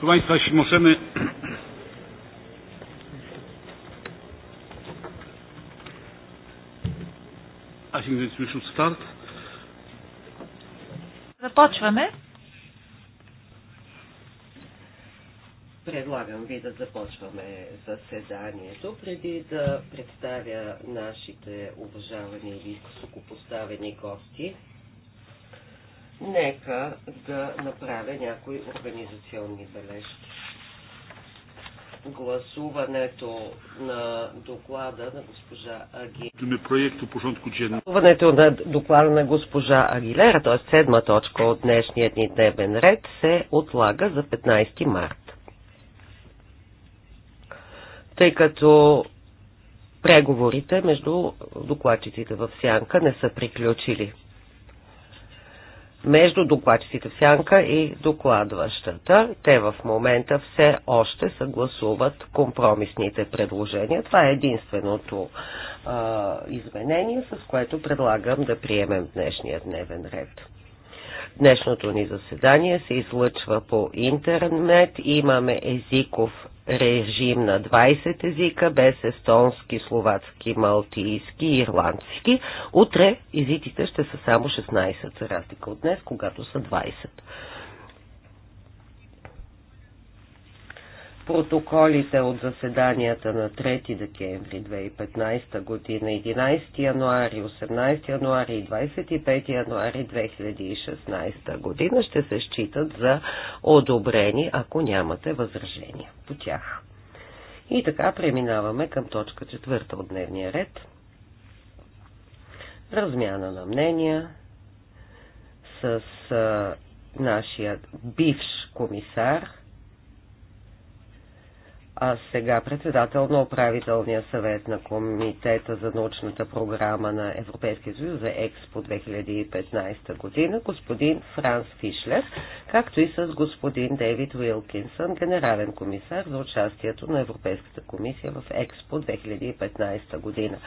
Proszę Państwa, jeśli możemy. A więc już start. Започваме. Предлагам ви да започваме заседанието. Преди да представя нашите уважавани и високопоставени гости, Нека да направя някои организационни бележки. Гласуването на доклада на госпожа Агилера. Гласуването на доклада на госпожа Агилера, т.е. седма точка от днешния ни дневен ред, се отлага за 15 март. Тъй като преговорите между докладчиците в Сянка не са приключили между докладчиците в сянка и докладващата. Те в момента все още съгласуват компромисните предложения. Това е единственото а, изменение, с което предлагам да приемем днешния дневен ред. Днешното ни заседание се излъчва по интернет. Имаме езиков режим на 20 езика, без естонски, словацки, малтийски и ирландски. Утре езиците ще са само 16, за разлика от днес, когато са 20. протоколите от заседанията на 3 декември 2015 година, 11 януари, 18 януари и 25 януари 2016 година ще се считат за одобрени, ако нямате възражения по тях. И така преминаваме към точка четвърта от дневния ред. Размяна на мнения с а, нашия бивш комисар – а сега председател на управителния съвет на Комитета за научната програма на Европейския съюз за Експо 2015 година, господин Франс Фишлер, както и с господин Дейвид Уилкинсън, генерален комисар за участието на Европейската комисия в Експо 2015 година.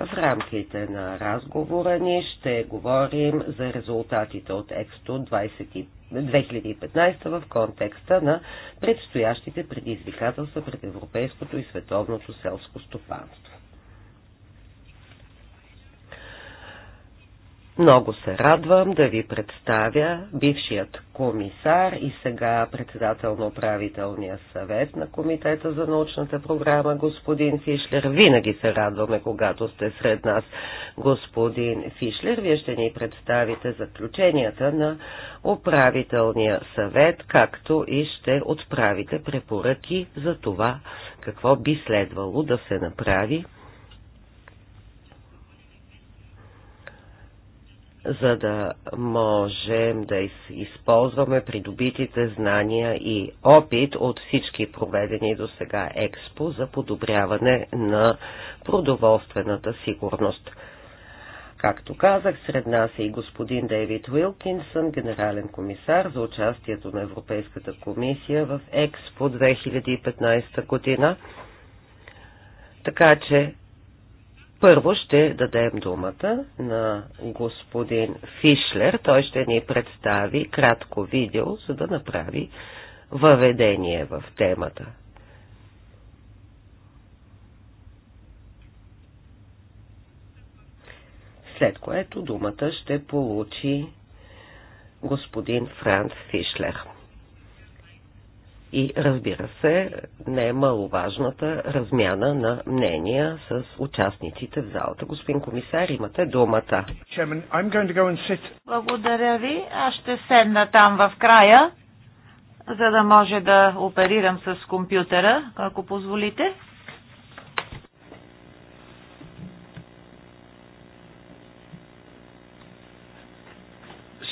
В рамките на разговора ни ще говорим за резултатите от Експо 25 2015 в контекста на предстоящите предизвикателства пред европейското и световното селско стопанство. Много се радвам да ви представя бившият комисар и сега председател на управителния съвет на Комитета за научната програма, господин Фишлер. Винаги се радваме, когато сте сред нас, господин Фишлер. Вие ще ни представите заключенията на управителния съвет, както и ще отправите препоръки за това, какво би следвало да се направи за да можем да използваме придобитите знания и опит от всички проведени до сега експо за подобряване на продоволствената сигурност. Както казах, сред нас е и господин Дейвид Уилкинсън, генерален комисар за участието на Европейската комисия в Експо 2015 година. Така че първо ще дадем думата на господин Фишлер. Той ще ни представи кратко видео, за да направи въведение в темата. След което думата ще получи господин Франц Фишлер. И разбира се, не е маловажната размяна на мнения с участниците в залата. Господин комисар, имате думата. Благодаря ви. Аз ще седна там в края, за да може да оперирам с компютъра, ако позволите.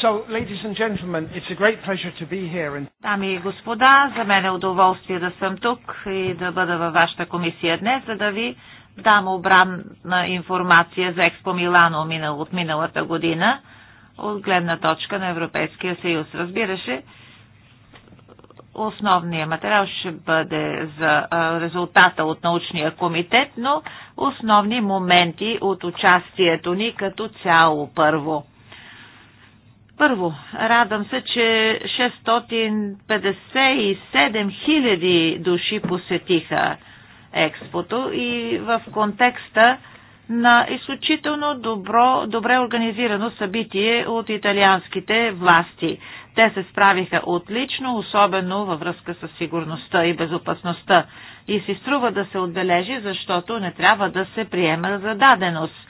So, ladies and gentlemen, it's a great pleasure to be here. Дами и господа, за мен е удоволствие да съм тук и да бъда във вашата комисия днес, за да ви дам обранна информация за Експо Милано от миналата година от гледна точка на Европейския съюз. Разбираше, основният материал ще бъде за резултата от научния комитет, но основни моменти от участието ни като цяло първо. Първо, радвам се, че 657 хиляди души посетиха експото и в контекста на изключително добро, добре организирано събитие от италианските власти. Те се справиха отлично, особено във връзка с сигурността и безопасността. И си струва да се отбележи, защото не трябва да се приема за даденост –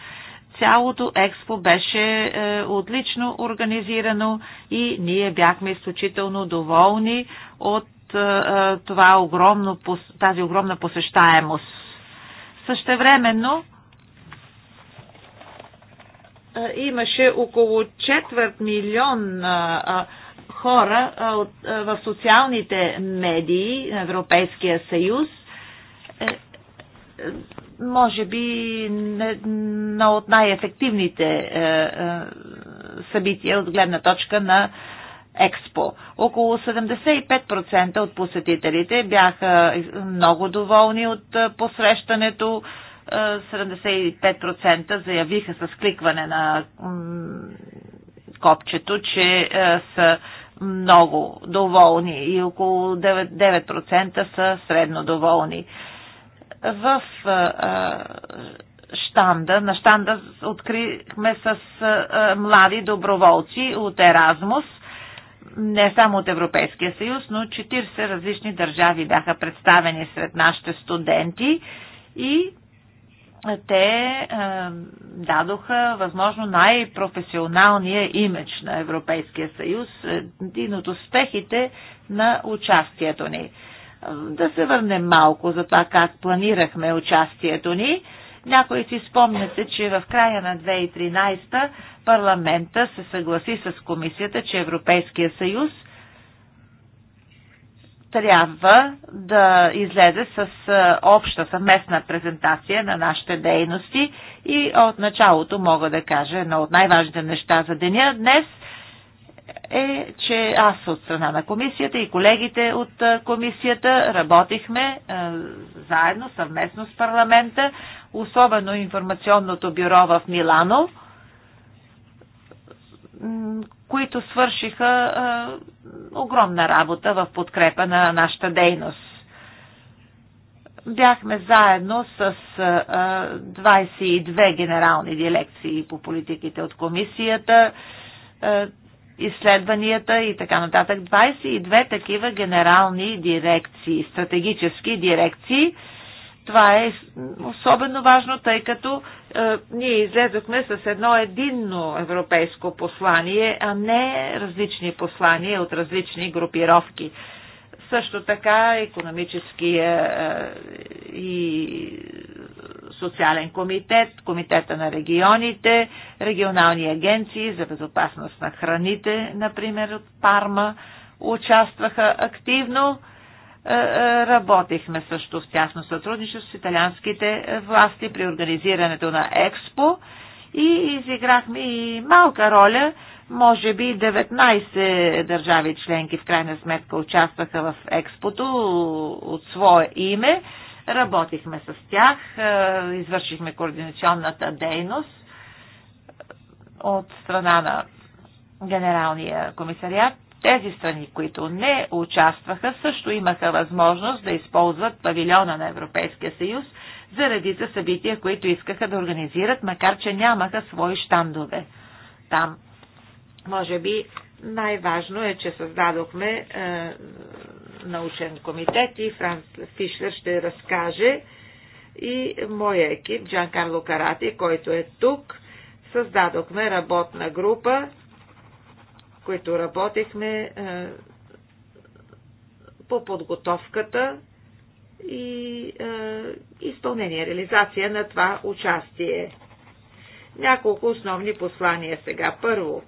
цялото експо беше е, отлично организирано и ние бяхме изключително доволни от е, е това огромно, тази огромна посещаемост. Същевременно е, имаше около четвърт милион е, е хора е, е, в социалните медии на Европейския съюз. Е, е може би едно от най-ефективните е, е, събития от гледна точка на Експо. Около 75% от посетителите бяха много доволни от е, посрещането. 75% е, заявиха с кликване на копчето, че е, са много доволни и около 9%, 9 са средно доволни в штанда. На штанда открихме с млади доброволци от Еразмус, не само от Европейския съюз, но 40 различни държави бяха представени сред нашите студенти и те дадоха възможно най-професионалния имидж на Европейския съюз, един от успехите на участието ни. Да се върнем малко за това как планирахме участието ни. Някои си спомняте, че в края на 2013 парламента се съгласи с комисията, че Европейския съюз трябва да излезе с обща съвместна презентация на нашите дейности и от началото мога да кажа едно от най-важните неща за деня днес – е, че аз от страна на комисията и колегите от комисията работихме заедно, съвместно с парламента, особено информационното бюро в Милано, които свършиха огромна работа в подкрепа на нашата дейност бяхме заедно с 22 генерални дирекции по политиките от комисията, изследванията и така нататък. 22 такива генерални дирекции, стратегически дирекции. Това е особено важно, тъй като е, ние излезохме с едно единно европейско послание, а не различни послания от различни групировки. Също така економически е, е, и социален комитет, комитета на регионите, регионални агенции за безопасност на храните, например от Парма, участваха активно. Е, е, работихме също в тясно сътрудничество с италианските власти при организирането на Експо и изиграхме и малка роля. Може би 19 държави членки в крайна сметка участваха в Експото от свое име Работихме с тях, е, извършихме координационната дейност от страна на Генералния комисариат. Тези страни, които не участваха, също имаха възможност да използват павилиона на Европейския съюз заради за събития, които искаха да организират, макар че нямаха свои штандове там. Може би най-важно е, че създадохме е, научен комитет и Франц Фишлер ще разкаже и моя екип, Джан Карло Карати, който е тук. Създадохме работна група, които работихме е, по подготовката и е, изпълнение, реализация на това участие. Няколко основни послания сега. Първо,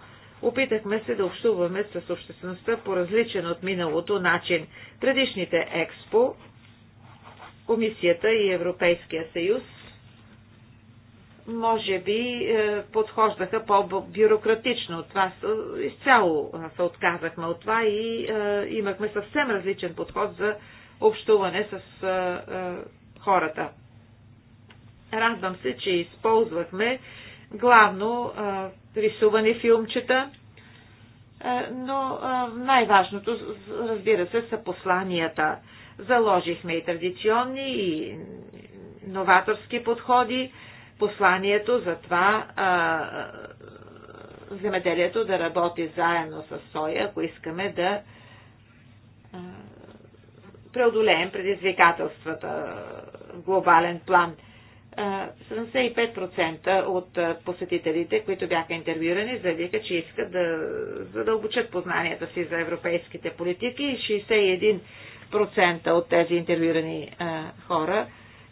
Опитахме се да общуваме с обществеността по различен от миналото начин. Предишните експо, Комисията и Европейския съюз може би е, подхождаха по-бюрократично. от Това изцяло се отказахме от това и е, имахме съвсем различен подход за общуване с е, хората. Радвам се, че използвахме главно рисувани филмчета, е, но е, най-важното, разбира се, са посланията. Заложихме и традиционни, и новаторски подходи, посланието за това е, земеделието да работи заедно с соя, ако искаме да преодолеем предизвикателствата в глобален план – 75% от посетителите, които бяха интервюирани, заявиха, че искат да задълбочат познанията си за европейските политики и 61% от тези интервюирани хора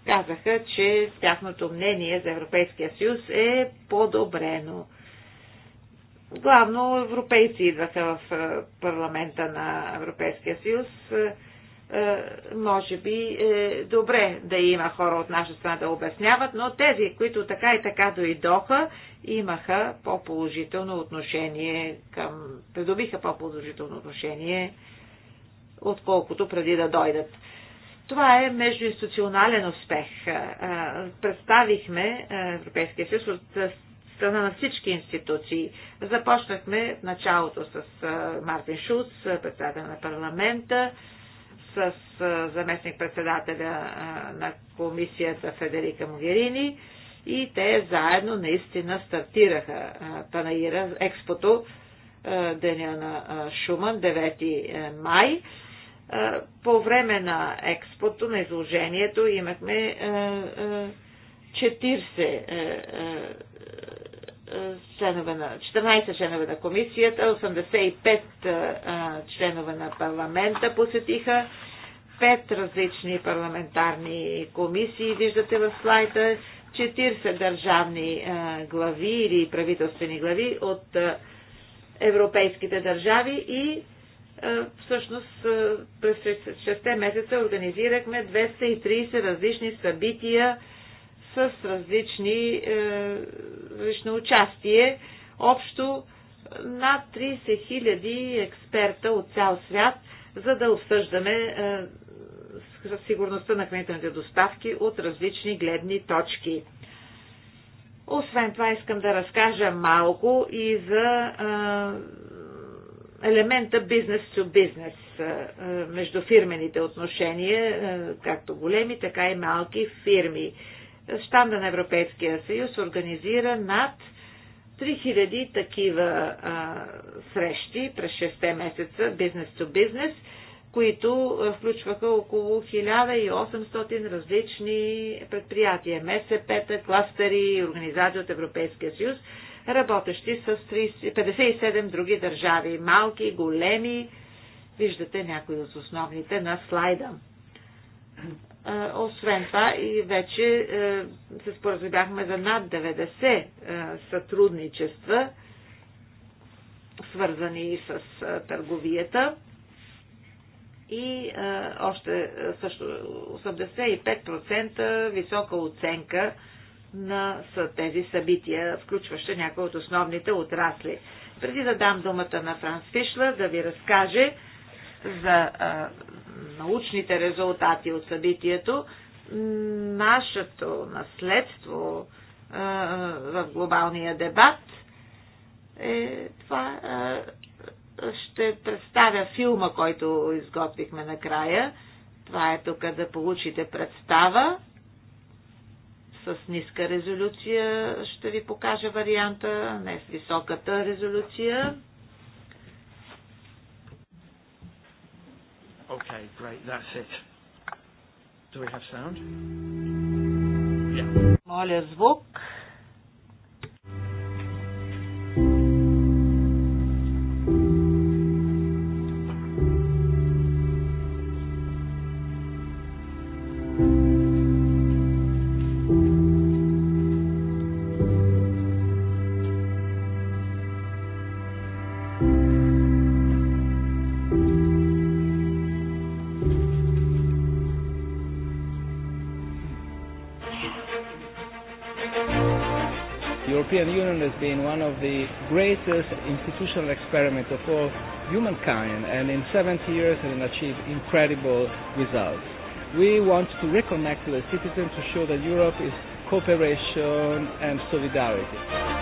казаха, че тяхното мнение за Европейския съюз е подобрено. Главно европейци идваха в парламента на Европейския съюз. Е, може би е добре да има хора от наша страна да обясняват, но тези, които така и така дойдоха, имаха по-положително отношение към, придобиха по-положително отношение, отколкото преди да дойдат. Това е междуинституционален успех. Е, е, представихме Европейския съюз от страна на всички институции. Започнахме в началото с Мартин Шуц, председател на парламента, с заместник-председателя на комисията Федерика Могерини и те заедно наистина стартираха Панаира Експото деня на Шуман, 9 е, май. По време на експото, на изложението, имахме 40 е, е, членове на 14 членове на комисията, 85 членове на парламента посетиха, 5 различни парламентарни комисии, виждате в слайда, 40 държавни глави или правителствени глави от европейските държави и всъщност през 6 месеца организирахме 230 различни събития с различни, е, различно участие. Общо над 30 хиляди експерта от цял свят, за да обсъждаме е, сигурността на хранителните доставки от различни гледни точки. Освен това искам да разкажа малко и за е, елемента бизнес to бизнес, между фирмените отношения, както големи, така и малки фирми. Штанда на Европейския съюз организира над 3000 такива а, срещи през 6 месеца, бизнес то бизнес, които включваха около 1800 различни предприятия, МСП-та, кластери, организации от Европейския съюз, работещи с 30, 57 други държави, малки, големи, виждате някои от основните на слайда. Освен това и вече е, се споразумяхме за над 90 е, сътрудничества, свързани с е, търговията и още също 85% висока оценка на тези събития, включваща някои от основните отрасли. Преди да дам думата на Франс Фишла да ви разкаже за научните резултати от събитието, нашето наследство в глобалния дебат е това. Ще представя филма, който изготвихме накрая. Това е тук да получите представа. С ниска резолюция ще ви покажа варианта, не с високата резолюция. Okay, great, that's it. Do we have sound? Yeah. Моля звук. been one of the greatest institutional experiments of all humankind, and in 70 years it has achieved incredible results. We want to reconnect to the citizens to show that Europe is cooperation and solidarity.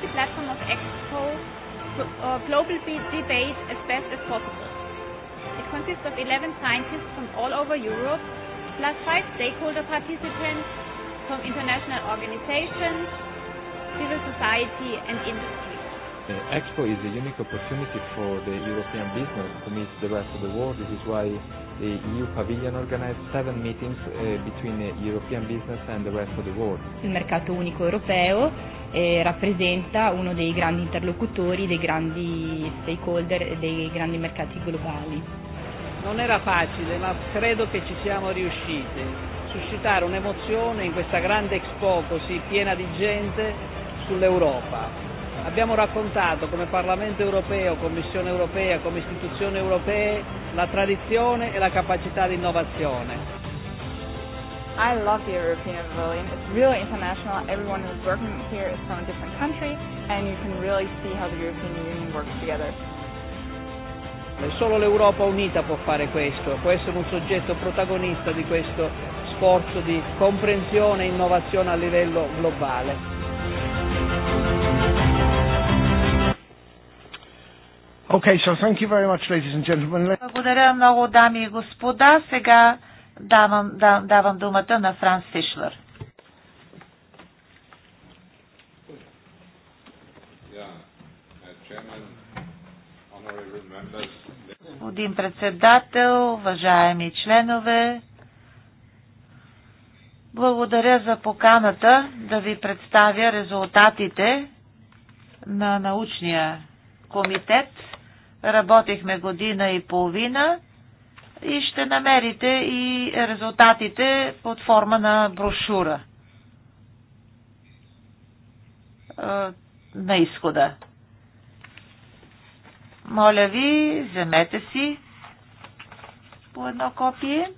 the platform of Expo global debate as best as possible. It consists of 11 scientists from all over Europe, plus five stakeholder participants from international organizations, civil society, and industry. Expo is a unique opportunity for the European business to meet the rest of the world. This is why the EU Pavilion organized seven meetings uh, between the European business and the rest of the world. Il mercato unico europeo eh, rappresenta uno dei grandi interlocutori, dei grandi stakeholder, dei grandi mercati globali. Non era facile, ma credo che ci siamo riusciti. Suscitare un'emozione in questa grande Expo così piena di gente sull'Europa abbiamo raccontato come Parlamento europeo, Commissione europea, come istituzioni europee la tradizione e la capacità di innovazione. I love the European Pavilion. It's really international. Everyone who's working here is from a different country, and you can really see how the European Union works together. Solo l'Europa unita può fare questo, può essere un soggetto protagonista di questo sforzo di comprensione e innovazione a livello globale. Okay, so thank you very much, ladies and gentlemen. Благодаря много, дами и господа. Сега давам, да, давам думата на Франс Фишлер. Господин председател, уважаеми членове, благодаря за поканата да ви представя резултатите на научния комитет – Работихме година и половина и ще намерите и резултатите под форма на брошура на изхода. Моля ви, вземете си по едно копие.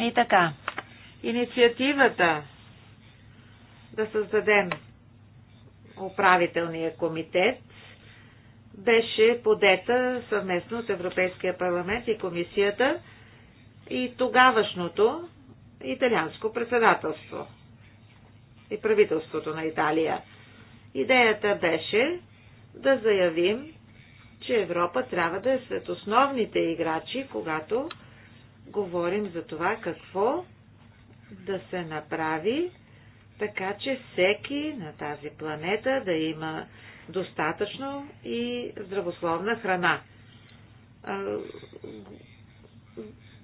И така. Инициативата да създадем управителния комитет беше подета съвместно с Европейския парламент и комисията и тогавашното италианско председателство и правителството на Италия. Идеята беше да заявим, че Европа трябва да е сред основните играчи, когато говорим за това какво да се направи така че всеки на тази планета да има достатъчно и здравословна храна.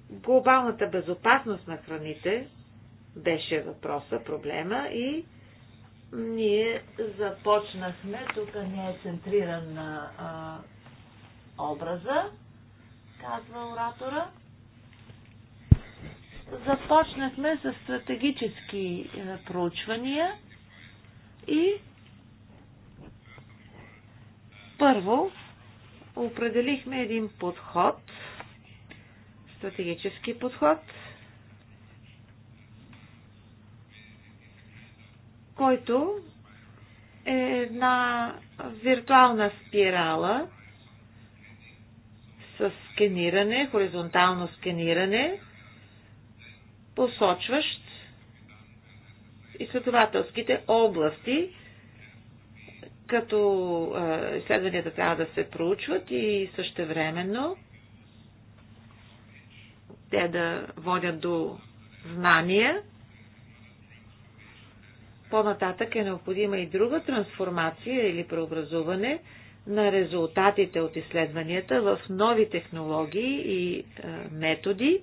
Глобалната безопасност на храните беше въпроса, проблема и ние започнахме, тук не е центриран на образа, казва оратора започнахме с стратегически е, проучвания и първо определихме един подход, стратегически подход, който е една виртуална спирала с скениране, хоризонтално скениране, посочващ изследователските области, като изследванията трябва да се проучват и същевременно те да водят до знания. По-нататък е необходима и друга трансформация или преобразуване на резултатите от изследванията в нови технологии и методи,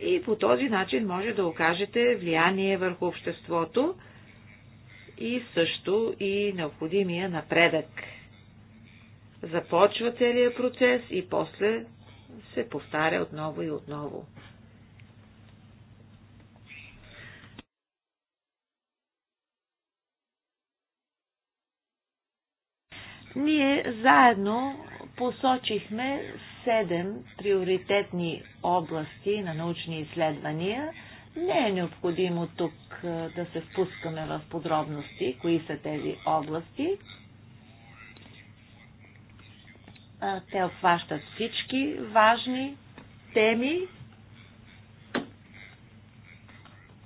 и по този начин може да окажете влияние върху обществото и също и необходимия напредък. Започва целият процес и после се повтаря отново и отново. Ние заедно посочихме седем приоритетни области на научни изследвания. Не е необходимо тук да се впускаме в подробности, кои са тези области. Те обхващат всички важни теми,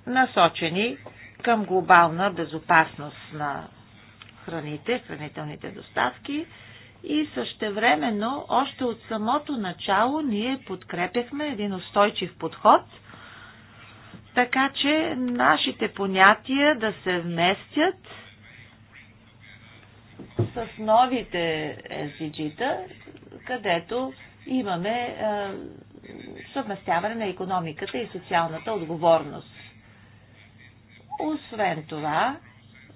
насочени към глобална безопасност на храните, хранителните доставки, и същевременно още от самото начало ние подкрепяхме един устойчив подход, така че нашите понятия да се вместят с новите SDG-та, където имаме е, съвместяване на економиката и социалната отговорност. Освен това,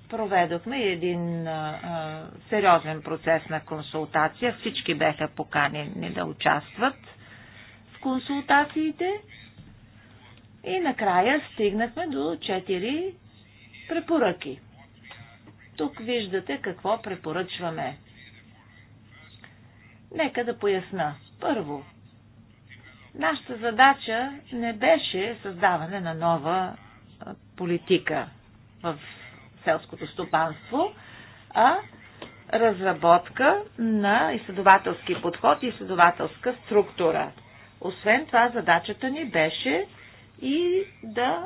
проведохме един а, сериозен процес на консултация. Всички бяха поканени да участват в консултациите. И накрая стигнахме до четири препоръки. Тук виждате какво препоръчваме. Нека да поясна. Първо, нашата задача не беше създаване на нова политика в селското стопанство, а разработка на изследователски подход и изследователска структура. Освен това, задачата ни беше и да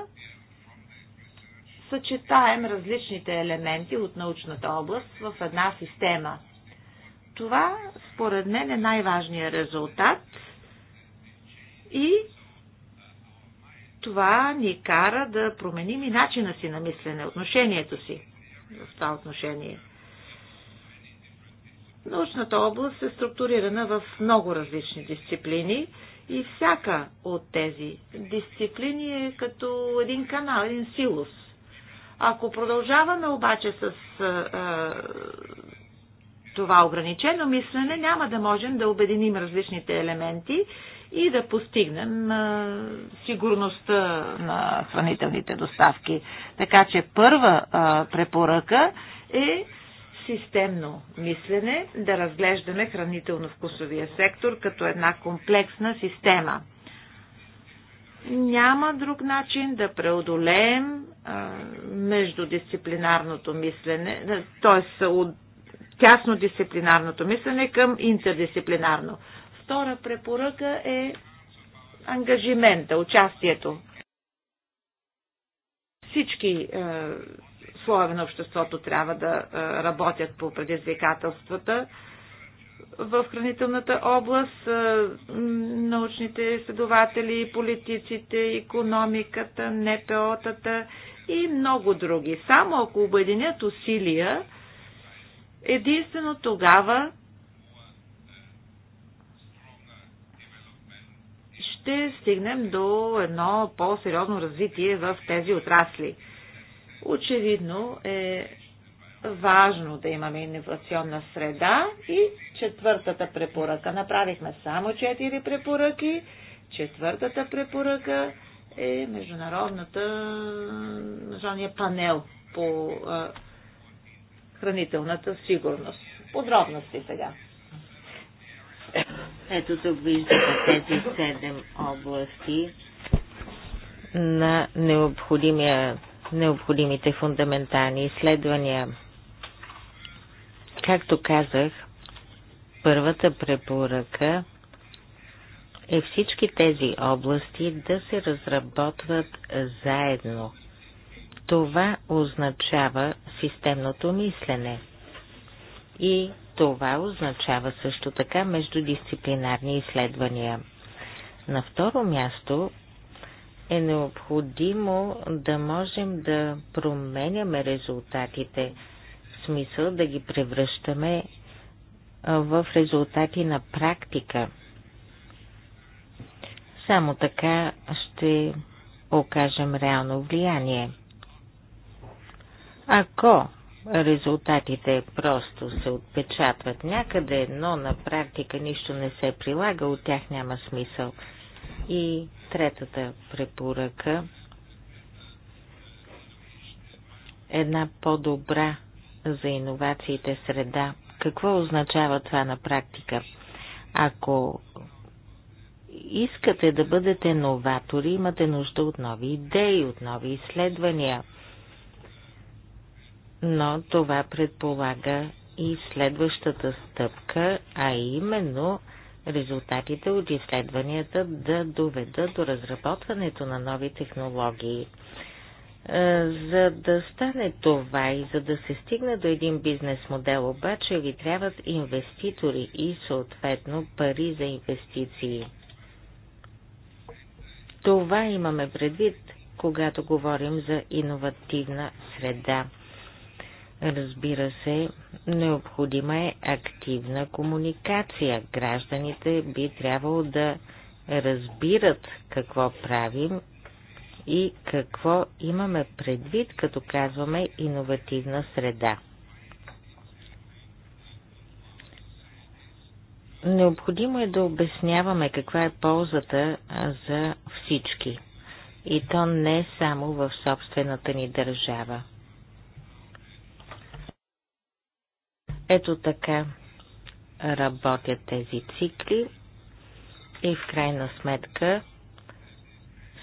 съчетаем различните елементи от научната област в една система. Това, според мен, е най-важният резултат и това ни кара да променим и начина си на мислене, отношението си в това отношение. Научната област е структурирана в много различни дисциплини и всяка от тези дисциплини е като един канал, един силус. Ако продължаваме обаче с е, това ограничено мислене, няма да можем да обединим различните елементи и да постигнем сигурността на хранителните доставки. Така че първа препоръка е системно мислене, да разглеждаме хранително-вкусовия сектор като една комплексна система. Няма друг начин да преодолеем а, междудисциплинарното мислене, т.е. от тясно дисциплинарното мислене към интердисциплинарно втора препоръка е ангажимента, участието. Всички е, слоеве на обществото трябва да е, работят по предизвикателствата в хранителната област, е, научните изследователи, политиците, економиката, НПО-тата и много други. Само ако обединят усилия, единствено тогава ще стигнем до едно по-сериозно развитие в тези отрасли. Очевидно е важно да имаме инновационна среда и четвъртата препоръка. Направихме само четири препоръки. Четвъртата препоръка е международната международния панел по а, хранителната сигурност. Подробности сега. Ето тук виждате тези седем области на необходимите фундаментални изследвания. Както казах, първата препоръка е всички тези области да се разработват заедно. Това означава системното мислене и това означава също така междудисциплинарни изследвания. На второ място е необходимо да можем да променяме резултатите, в смисъл да ги превръщаме в резултати на практика. Само така ще окажем реално влияние. Ако резултатите просто се отпечатват някъде, но на практика нищо не се прилага, от тях няма смисъл. И третата препоръка една по-добра за иновациите среда. Какво означава това на практика? Ако искате да бъдете новатори, имате нужда от нови идеи, от нови изследвания но това предполага и следващата стъпка, а именно резултатите от изследванията да доведат до разработването на нови технологии. Е, за да стане това и за да се стигне до един бизнес модел, обаче ви трябват инвеститори и съответно пари за инвестиции. Това имаме предвид, когато говорим за иновативна среда. Разбира се, необходима е активна комуникация. Гражданите би трябвало да разбират какво правим и какво имаме предвид, като казваме иновативна среда. Необходимо е да обясняваме каква е ползата за всички. И то не само в собствената ни държава. Ето така работят тези цикли и в крайна сметка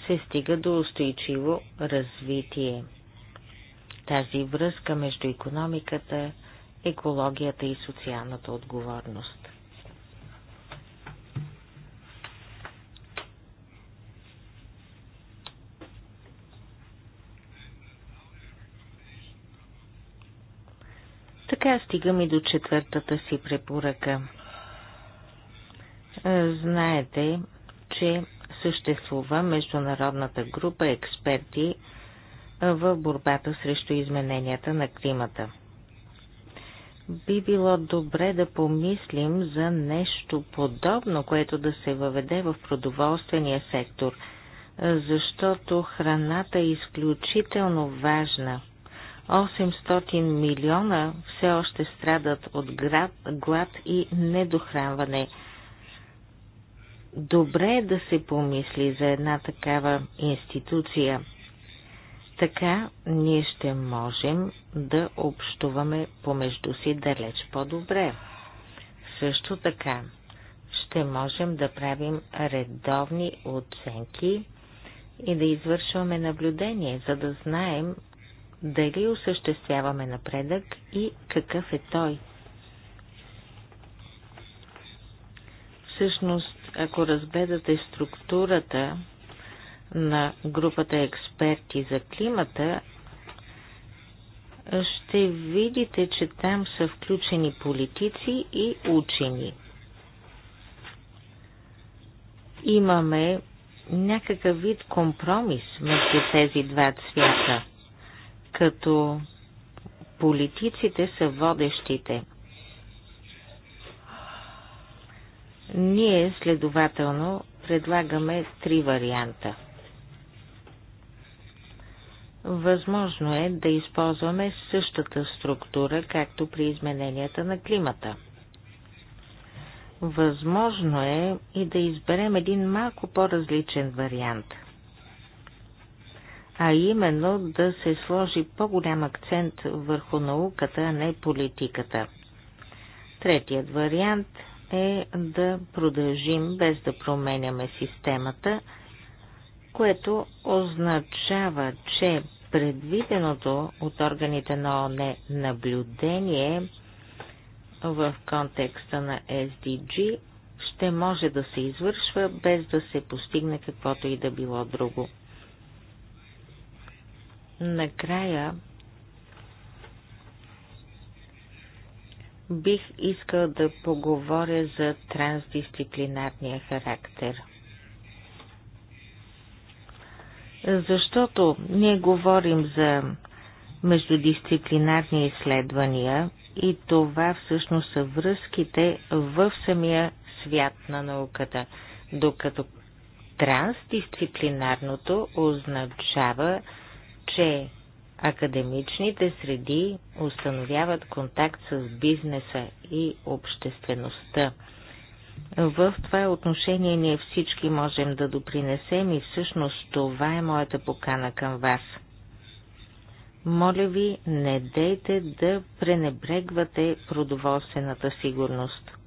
се стига до устойчиво развитие. Тази връзка между економиката, екологията и социалната отговорност. Така стигаме и до четвъртата си препоръка. Е, знаете, че съществува международната група експерти е, в борбата срещу измененията на климата. Би било добре да помислим за нещо подобно, което да се въведе в продоволствения сектор, е, защото храната е изключително важна – 800 милиона все още страдат от град, глад и недохранване. Добре е да се помисли за една такава институция. Така ние ще можем да общуваме помежду си далеч по-добре. Също така ще можем да правим редовни оценки и да извършваме наблюдение, за да знаем дали осъществяваме напредък и какъв е той. Всъщност, ако разгледате структурата на групата експерти за климата, ще видите, че там са включени политици и учени. Имаме някакъв вид компромис между тези два цвята – като политиците са водещите. Ние следователно предлагаме три варианта. Възможно е да използваме същата структура, както при измененията на климата. Възможно е и да изберем един малко по-различен вариант – а именно да се сложи по-голям акцент върху науката, а не политиката. Третият вариант е да продължим без да променяме системата, което означава, че предвиденото от органите на ОНЕ наблюдение в контекста на SDG ще може да се извършва без да се постигне каквото и да било друго. Накрая бих искал да поговоря за трансдисциплинарния характер. Защото ние говорим за междудисциплинарни изследвания и това всъщност са връзките в самия свят на науката, докато трансдисциплинарното означава че академичните среди установяват контакт с бизнеса и обществеността. В това отношение ние всички можем да допринесем и всъщност това е моята покана към вас. Моля ви, не дейте да пренебрегвате продоволствената сигурност.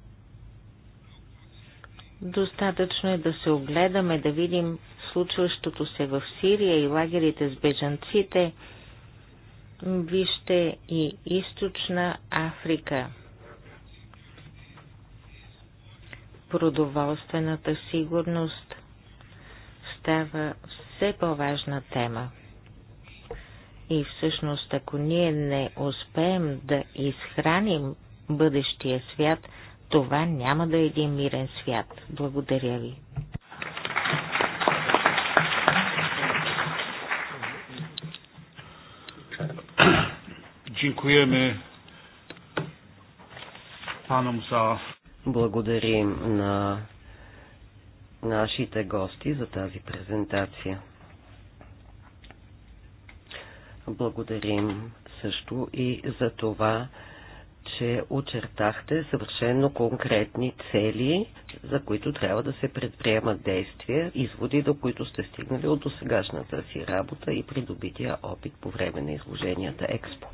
Достатъчно е да се огледаме, да видим случващото се в Сирия и лагерите с бежанците. Вижте и източна Африка. Продоволствената сигурност става все по-важна тема. И всъщност, ако ние не успеем да изхраним бъдещия свят това няма да е един мирен свят. Благодаря ви. Dziękujemy panom za... Благодарим на нашите гости за тази презентация. Благодарим също и за това, че очертахте съвършенно конкретни цели, за които трябва да се предприемат действия, изводи, до които сте стигнали от досегашната си работа и придобития опит по време на изложенията Експо.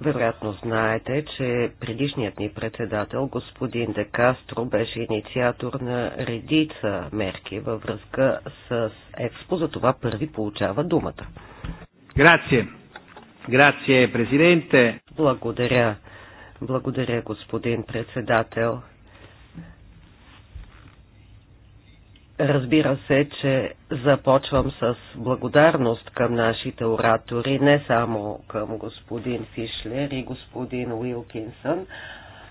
Вероятно знаете, че предишният ни председател, господин Де Кастро, беше инициатор на редица мерки във връзка с Експо, за това първи получава думата. Грация. Грация, президенте. Благодаря. Благодаря, господин председател. Разбира се, че започвам с благодарност към нашите оратори, не само към господин Фишлер и господин Уилкинсън.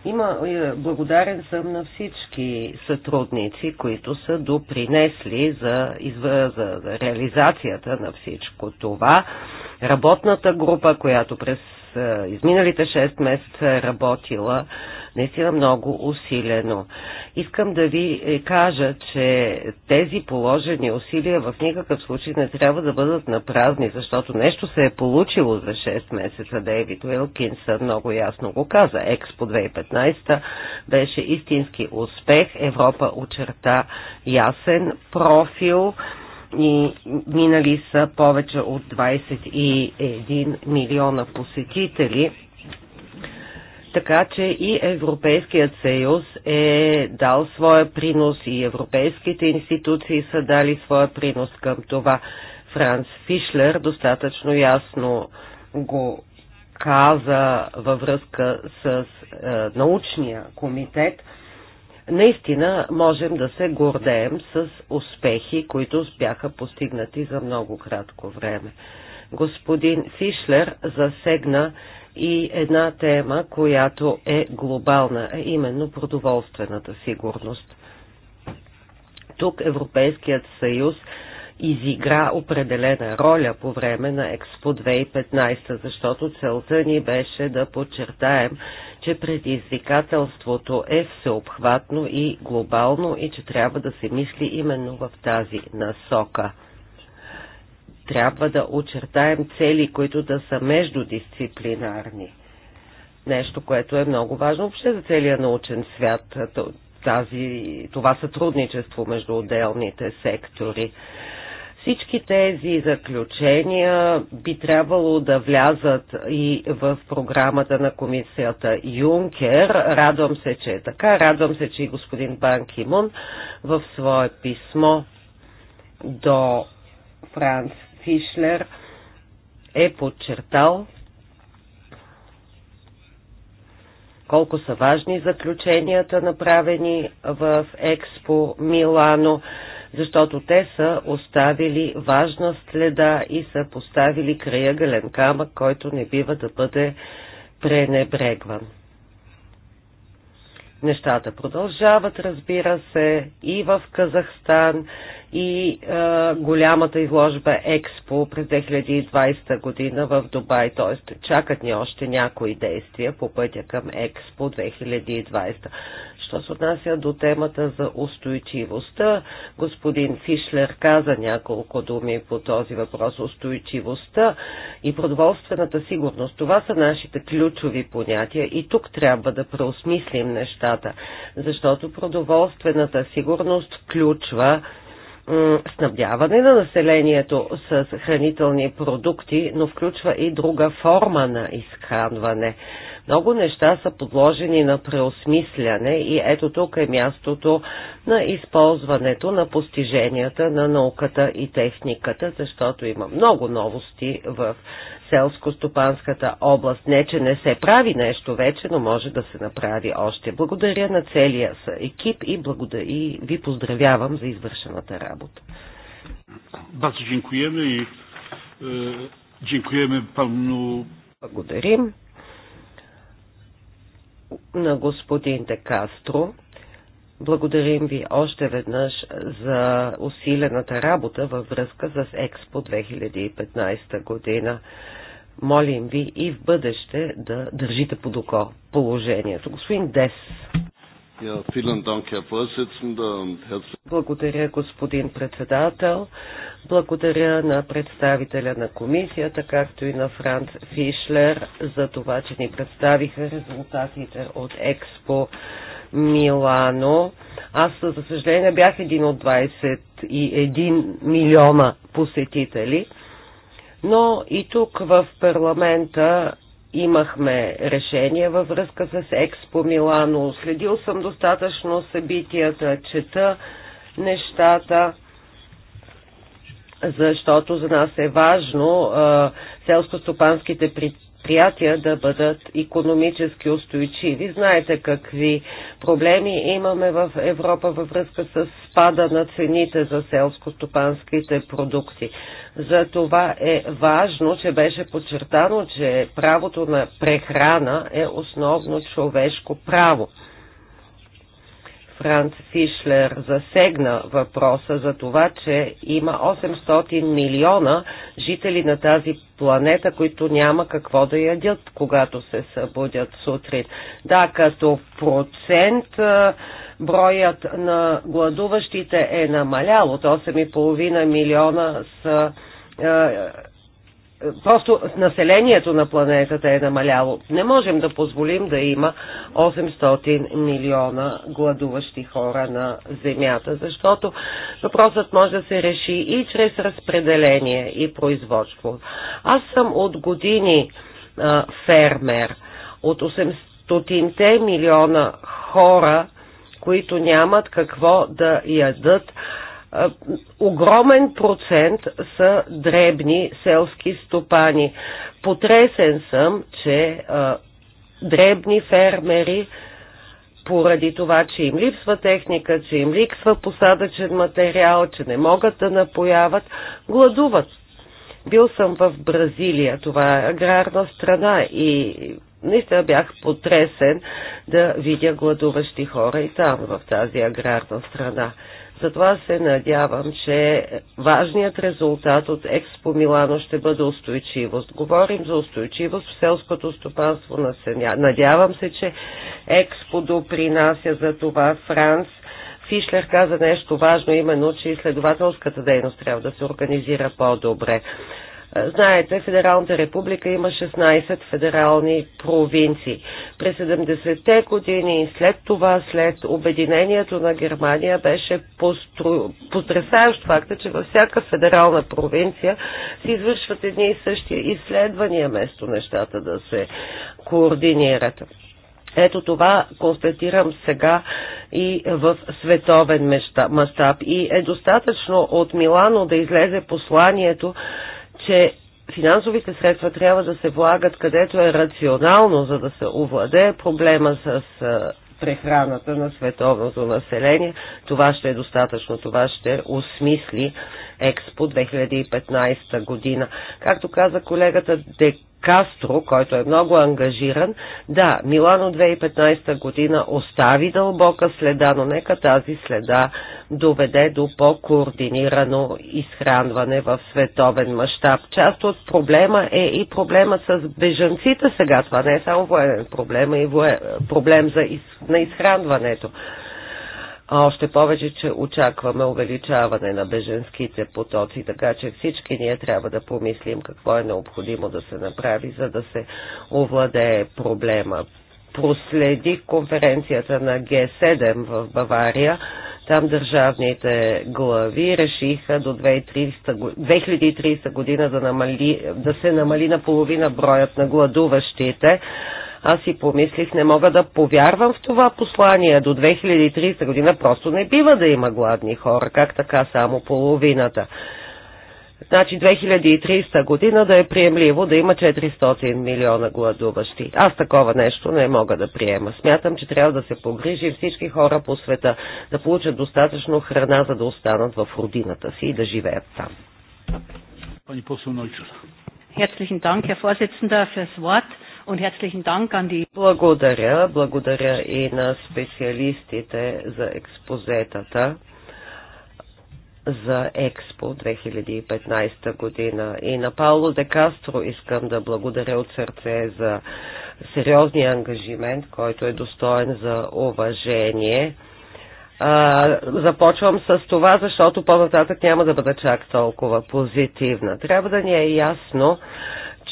Има, е, благодарен съм на всички сътрудници, които са допринесли за, за, за реализацията на всичко това. Работната група, която през е, изминалите 6 месеца е работила наистина много усилено. Искам да ви е, кажа, че тези положени усилия в никакъв случай не трябва да бъдат напразни, защото нещо се е получило за 6 месеца. Дейвид Уилкинса много ясно го каза. Експо 2015 беше истински успех. Европа очерта ясен профил и минали са повече от 21 милиона посетители. Така че и Европейският съюз е дал своя принос и европейските институции са дали своя принос към това. Франц Фишлер достатъчно ясно го каза във връзка с е, научния комитет, Наистина можем да се гордеем с успехи, които бяха постигнати за много кратко време. Господин Фишлер засегна и една тема, която е глобална, а именно продоволствената сигурност. Тук Европейският съюз изигра определена роля по време на Експо 2015, защото целта ни беше да подчертаем, че предизвикателството е всеобхватно и глобално и че трябва да се мисли именно в тази насока трябва да очертаем цели, които да са междудисциплинарни. Нещо, което е много важно въобще за целия научен свят, тази, това сътрудничество между отделните сектори. Всички тези заключения би трябвало да влязат и в програмата на комисията Юнкер. Радвам се, че е така. Радвам се, че и господин Бан Кимон в свое писмо до Франц Фишлер е подчертал колко са важни заключенията направени в Експо Милано защото те са оставили важна следа и са поставили краягален камък, който не бива да бъде пренебрегван. Нещата продължават, разбира се, и в Казахстан, и е, голямата изложба Експо през 2020 година в Дубай, т.е. чакат ни още някои действия по пътя към Експо 2020. Що се отнася до темата за устойчивостта, господин Фишлер каза няколко думи по този въпрос. Устойчивостта и продоволствената сигурност. Това са нашите ключови понятия и тук трябва да преосмислим нещата, защото продоволствената сигурност включва снабдяване на населението с хранителни продукти, но включва и друга форма на изхранване. Много неща са подложени на преосмисляне и ето тук е мястото на използването на постиженията на науката и техниката, защото има много новости в селско-стопанската област. Не, че не се прави нещо вече, но може да се направи още. Благодаря на целия екип и, благода... и ви поздравявам за извършената работа. Bardzo dziękujemy e, Благодарим на господин Де Кастро. Благодарим ви още веднъж за усилената работа във връзка с Експо 2015 година. Молим ви и в бъдеще да държите под око положението. Господин Дес. Благодаря, господин председател. Благодаря на представителя на комисията, както и на Франц Фишлер, за това, че ни представиха резултатите от Експо Милано. Аз, за съжаление, бях един от 21 милиона посетители, но и тук в парламента имахме решение във връзка с Експо Милано. Следил съм достатъчно събитията, чета нещата, защото за нас е важно селско-стопанските предприятия предприятия да бъдат економически устойчиви. Знаете какви проблеми имаме в Европа във връзка с спада на цените за селско-стопанските продукти. За това е важно, че беше подчертано, че правото на прехрана е основно човешко право. Франц Фишлер засегна въпроса за това, че има 800 милиона жители на тази планета, които няма какво да ядят, когато се събудят сутрин. Да, като процент броят на гладуващите е намалял. От 8,5 милиона са просто населението на планетата е намаляло. Не можем да позволим да има 800 милиона гладуващи хора на Земята, защото въпросът може да се реши и чрез разпределение и производство. Аз съм от години а, фермер. От 800 милиона хора, които нямат какво да ядат, огромен процент са дребни селски стопани. Потресен съм, че а, дребни фермери поради това, че им липсва техника, че им липсва посадъчен материал, че не могат да напояват, гладуват. Бил съм в Бразилия, това е аграрна страна и наистина бях потресен да видя гладуващи хора и там, в тази аграрна страна. Затова се надявам, че важният резултат от Експо Милано ще бъде устойчивост. Говорим за устойчивост в селското стопанство на Сеня. Надявам се, че Експо допринася за това Франс. Фишлер каза нещо важно, именно, че изследователската дейност трябва да се организира по-добре. Знаете, Федералната република има 16 федерални провинции. През 70-те години и след това, след обединението на Германия, беше потрясаващ факта, че във всяка федерална провинция се извършват едни и същи изследвания, вместо нещата да се координират. Ето това констатирам сега и в световен мащаб. И е достатъчно от Милано да излезе посланието, че финансовите средства трябва да се влагат където е рационално, за да се овладее проблема с прехраната на световното население. Това ще е достатъчно, това ще осмисли Експо 2015 година. Както каза колегата Дек, Кастро, който е много ангажиран, да, Милано 2015 година остави дълбока следа, но нека тази следа доведе до по-координирано изхранване в световен мащаб. Част от проблема е и проблема с бежанците сега. Това не е само военен проблем, а и проблем за из, на изхранването. Още повече, че очакваме увеличаване на беженските потоци, така че всички ние трябва да помислим какво е необходимо да се направи, за да се овладее проблема. Проследих конференцията на Г7 в Бавария. Там държавните глави решиха до 2030 година да, намали, да се намали наполовина броят на гладуващите, аз си помислих, не мога да повярвам в това послание. До 2030 година просто не бива да има гладни хора. Как така само половината? Значи 2030 година да е приемливо да има 400 милиона гладуващи. Аз такова нещо не мога да приема. Смятам, че трябва да се погрижи всички хора по света да получат достатъчно храна, за да останат в родината си и да живеят там. Пани посол Herzlichen Dank, Herr Vorsitzender, fürs Wort und herzlichen Dank an die... Благодаря, благодаря и на специалистите за експозетата за Експо 2015 година. И на Пауло де Кастро искам да благодаря от сърце за сериозния ангажимент, който е достоен за уважение. А, започвам с това, защото по-нататък няма да бъда чак толкова позитивна. Трябва да ни е ясно,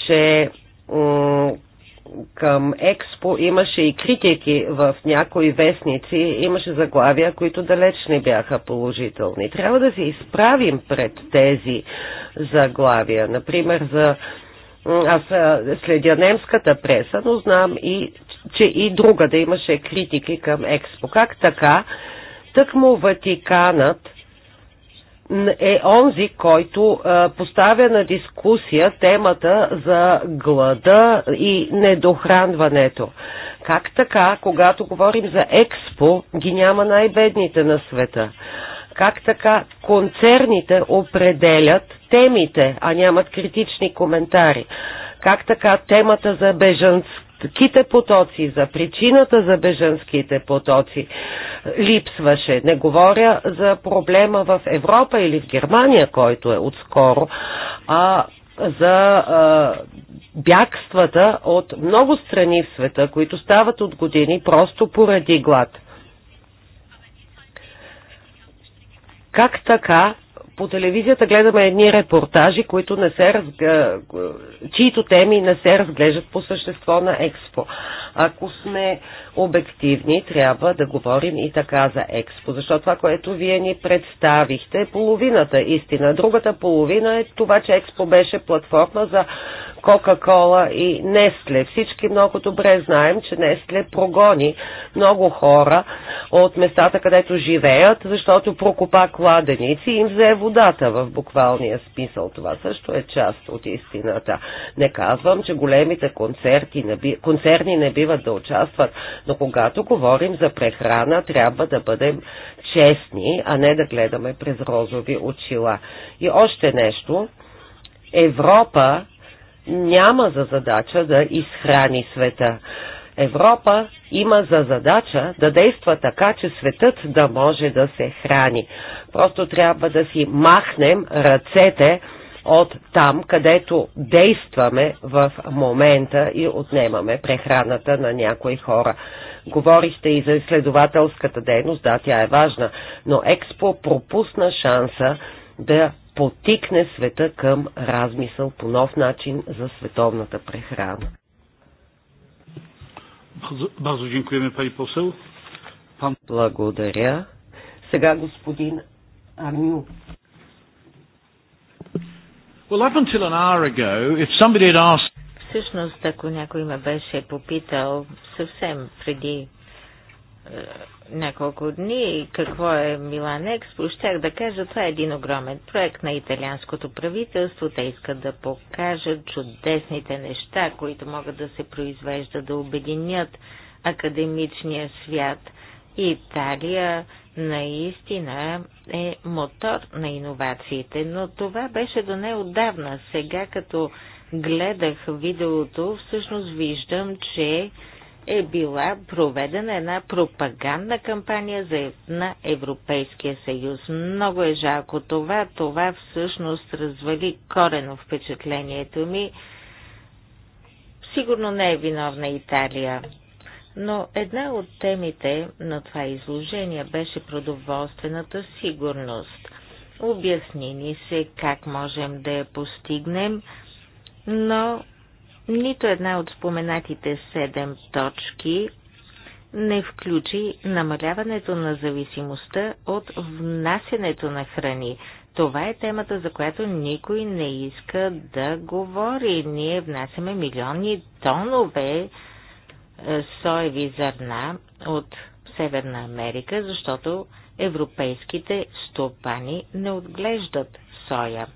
че към Експо имаше и критики в някои вестници, имаше заглавия, които далеч не бяха положителни. Трябва да се изправим пред тези заглавия. Например, за аз следя немската преса, но знам и, че и друга да имаше критики към Експо. Как така? Тъкмо Ватиканът е онзи, който поставя на дискусия темата за глада и недохранването. Как така, когато говорим за Експо, ги няма най-бедните на света? Как така концерните определят темите, а нямат критични коментари? Как така темата за бежанц, бежанските потоци, за причината за бежанските потоци липсваше. Не говоря за проблема в Европа или в Германия, който е отскоро, а за а, бягствата от много страни в света, които стават от години просто поради глад. Как така по телевизията гледаме едни репортажи, които не се разг... чието теми не се разглеждат по същество на Експо. Ако сме обективни, трябва да говорим и така за Експо, защото това, което вие ни представихте, е половината истина. Другата половина е това, че Експо беше платформа за Кока-Кола и Нестле. Всички много добре знаем, че Нестле прогони много хора от местата, където живеят, защото прокопа кладеници и им взе водата в буквалния смисъл. Това също е част от истината. Не казвам, че големите концерти концерни не би отиват да участват. Но когато говорим за прехрана, трябва да бъдем честни, а не да гледаме през розови очила. И още нещо. Европа няма за задача да изхрани света. Европа има за задача да действа така, че светът да може да се храни. Просто трябва да си махнем ръцете от там, където действаме в момента и отнемаме прехраната на някои хора. Говорихте и за изследователската дейност, да, тя е важна, но Експо пропусна шанса да потикне света към размисъл по нов начин за световната прехрана. Благодаря. Сега господин Арню. Well, up until an hour ago, if somebody had asked... Всъщност, ако някой ме беше попитал съвсем преди е, няколко дни какво е Милан Експо, щях да кажа, това е един огромен проект на италианското правителство. Те искат да покажат чудесните неща, които могат да се произвеждат, да обединят академичния свят. Италия наистина е мотор на иновациите, но това беше до неодавна. Сега, като гледах видеото, всъщност виждам, че е била проведена една пропагандна кампания за, на Европейския съюз. Много е жалко това. Това всъщност развали корено впечатлението ми. Сигурно не е виновна Италия. Но една от темите на това изложение беше продоволствената сигурност. Обясни ни се как можем да я постигнем, но нито една от споменатите седем точки не включи намаляването на зависимостта от внасенето на храни. Това е темата, за която никой не иска да говори. Ние внасяме милиони тонове соеви зърна от Северна Америка, защото европейските стопани не отглеждат соя.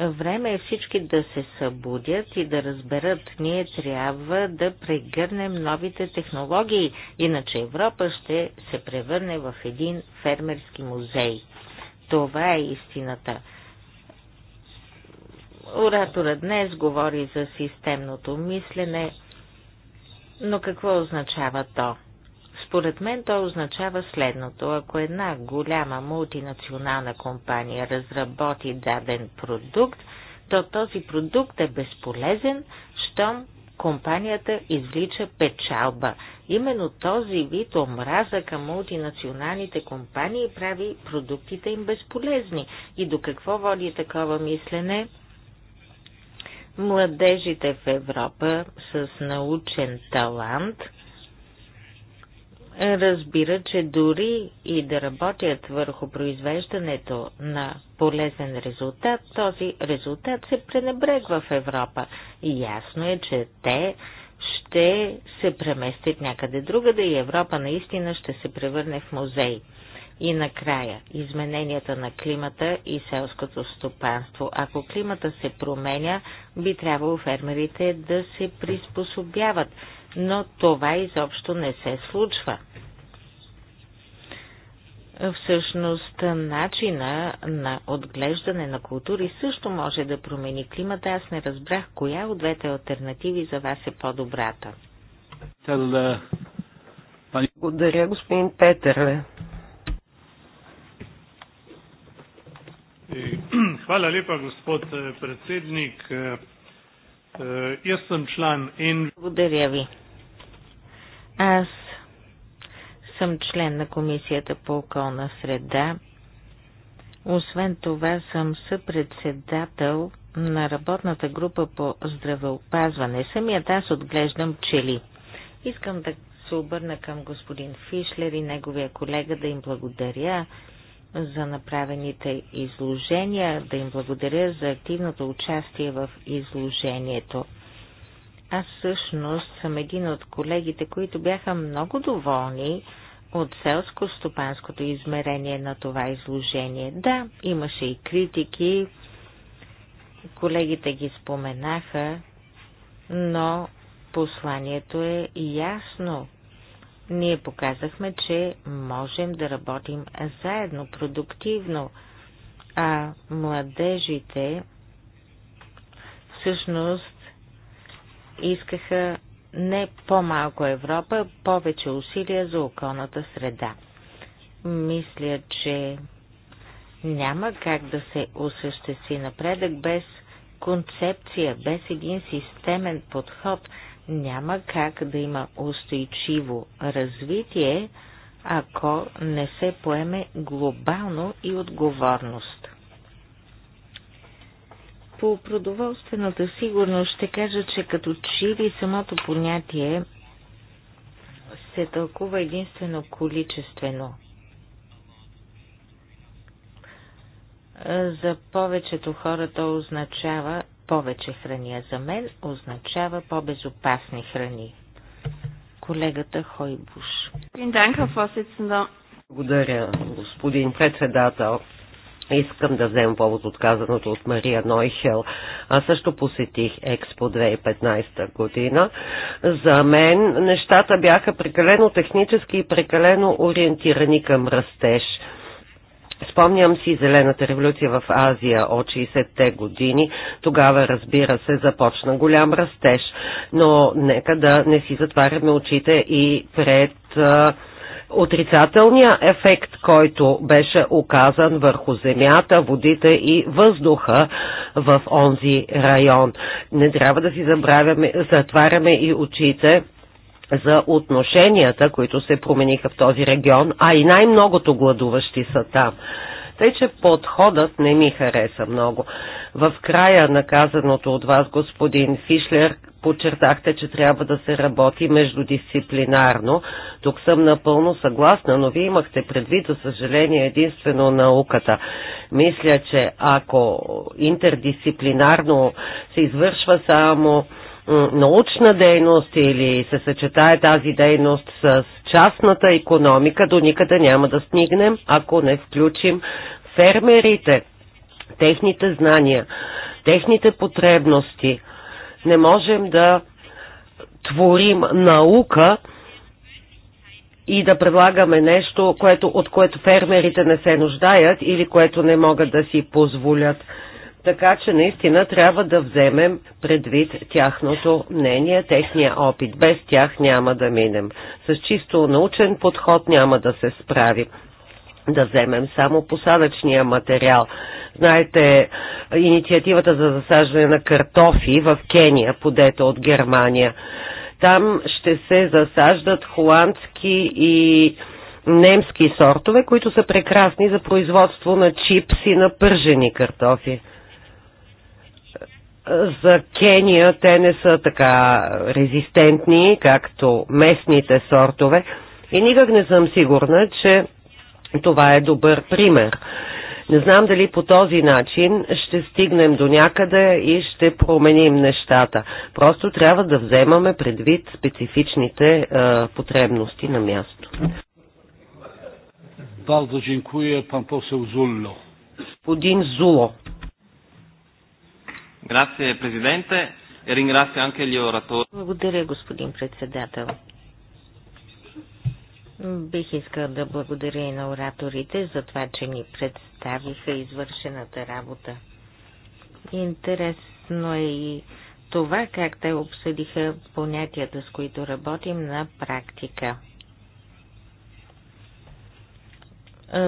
Време е всички да се събудят и да разберат, ние трябва да прегърнем новите технологии, иначе Европа ще се превърне в един фермерски музей. Това е истината. Оратора днес говори за системното мислене, но какво означава то? Според мен то означава следното. Ако една голяма мултинационална компания разработи даден продукт, то този продукт е безполезен, щом компанията извлича печалба. Именно този вид омраза към мултинационалните компании прави продуктите им безполезни. И до какво води такова мислене? Младежите в Европа с научен талант разбира, че дори и да работят върху произвеждането на полезен резултат, този резултат се пренебрегва в Европа. И ясно е, че те ще се преместят някъде другаде да и Европа наистина ще се превърне в музей. И накрая, измененията на климата и селското стопанство. Ако климата се променя, би трябвало фермерите да се приспособяват, но това изобщо не се случва. Всъщност, начина на отглеждане на култури също може да промени климата. Аз не разбрах коя от двете альтернативи за вас е по-добрата. Е, Благодаря, господин Петерле. Е, Hvala lepa, gospod е, predsednik. Е, jaz съм член ЕНВИ. Благодаря ви. Аз съм член на Комисията по околна среда. Освен това съм съпредседател на работната група по здравеопазване. Самият аз отглеждам пчели. Искам да се обърна към господин Фишлер и неговия колега да им благодаря за направените изложения, да им благодаря за активното участие в изложението. Аз всъщност съм един от колегите, които бяха много доволни от селско-стопанското измерение на това изложение. Да, имаше и критики, колегите ги споменаха, но посланието е ясно. Ние показахме, че можем да работим заедно, продуктивно, а младежите всъщност искаха не по-малко Европа, повече усилия за околната среда. Мисля, че няма как да се осъществи напредък без концепция, без един системен подход – няма как да има устойчиво развитие, ако не се поеме глобално и отговорност. По продоволствената сигурност ще кажа, че като чили самото понятие се тълкува единствено количествено. За повечето хора то означава повече храни, а за мен означава по-безопасни храни. Колегата Хойбуш. Благодаря, господин председател. Искам да взема повод от казаното от Мария Нойхел. Аз също посетих Експо 2015 година. За мен нещата бяха прекалено технически и прекалено ориентирани към растеж. Спомням си зелената революция в Азия от 60-те години. Тогава, разбира се, започна голям растеж. Но нека да не си затваряме очите и пред отрицателния ефект, който беше оказан върху земята, водите и въздуха в онзи район. Не трябва да си забравяме, затваряме и очите за отношенията, които се промениха в този регион, а и най-многото гладуващи са там. Тъй, че подходът не ми хареса много. В края на казаното от вас, господин Фишлер, подчертахте, че трябва да се работи междудисциплинарно. Тук съм напълно съгласна, но вие имахте предвид, за съжаление, единствено науката. Мисля, че ако интердисциплинарно се извършва само научна дейност или се съчетае тази дейност с частната економика, до никъде няма да стигнем, ако не включим фермерите, техните знания, техните потребности. Не можем да творим наука и да предлагаме нещо, което, от което фермерите не се нуждаят или което не могат да си позволят. Така че наистина трябва да вземем предвид тяхното мнение, техния опит. Без тях няма да минем. С чисто научен подход няма да се справим да вземем само посадъчния материал. Знаете, инициативата за засаждане на картофи в Кения, подета от Германия. Там ще се засаждат холандски и немски сортове, които са прекрасни за производство на чипси на пържени картофи. За Кения те не са така резистентни, както местните сортове и никак не съм сигурна, че това е добър пример. Не знам дали по този начин ще стигнем до някъде и ще променим нещата. Просто трябва да вземаме предвид специфичните е, потребности на място. Господин Зуло. Grazie Presidente e ringrazio anche gli oratori. Благодаря, господин председател. Бих искал да благодаря и на ораторите за това, че ни представиха извършената работа. Интересно е и това, как те обсъдиха понятията, с които работим на практика.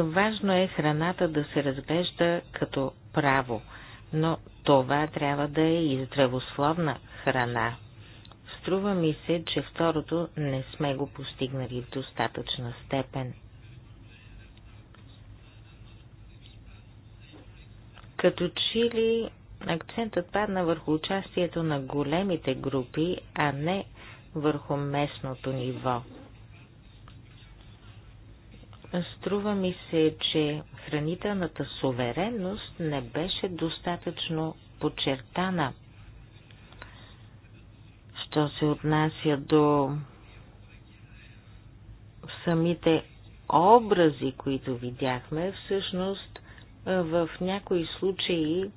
Важно е храната да се разглежда като право – но това трябва да е и здравословна храна. Струва ми се, че второто не сме го постигнали в достатъчна степен. Като че ли акцентът падна върху участието на големите групи, а не върху местното ниво. Струва ми се, че хранителната суверенност не беше достатъчно подчертана. Що се отнася до самите образи, които видяхме, всъщност в някои случаи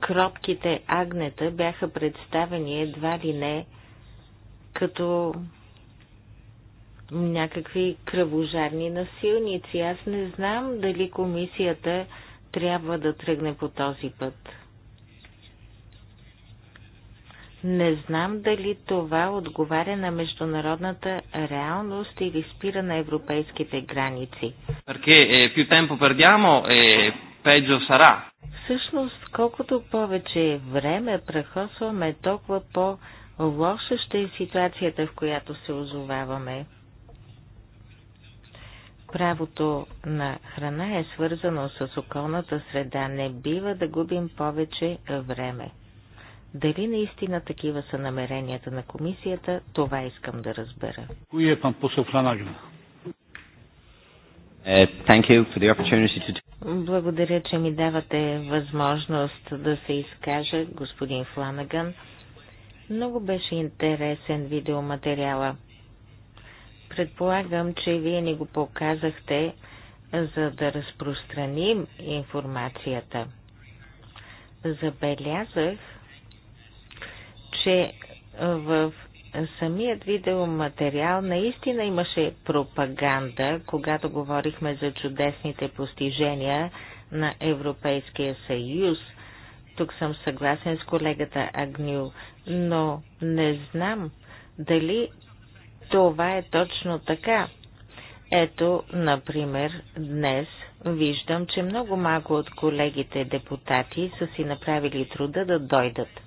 кропките агнета бяха представени едва ли не като някакви кръвожарни насилници. Аз не знам дали комисията трябва да тръгне по този път. Не знам дали това отговаря на международната реалност или спира на европейските граници. Perché е, più tempo perdiamo е, peggio sarà. Всъщност, колкото повече време прехосваме, толкова по- Лоша ще е ситуацията, в която се озоваваме. Правото на храна е свързано с околната среда. Не бива да губим повече време. Дали наистина такива са намеренията на комисията, това искам да разбера. Кои е пан посъл Фланагна? Е, Благодаря, че ми давате възможност да се изкажа, господин Фланаган. Много беше интересен видеоматериала. Предполагам, че вие ни го показахте, за да разпространим информацията. Забелязах, че в самият видеоматериал наистина имаше пропаганда, когато говорихме за чудесните постижения на Европейския съюз – тук съм съгласен с колегата Агню, но не знам дали това е точно така. Ето, например, днес виждам, че много малко от колегите депутати са си направили труда да дойдат.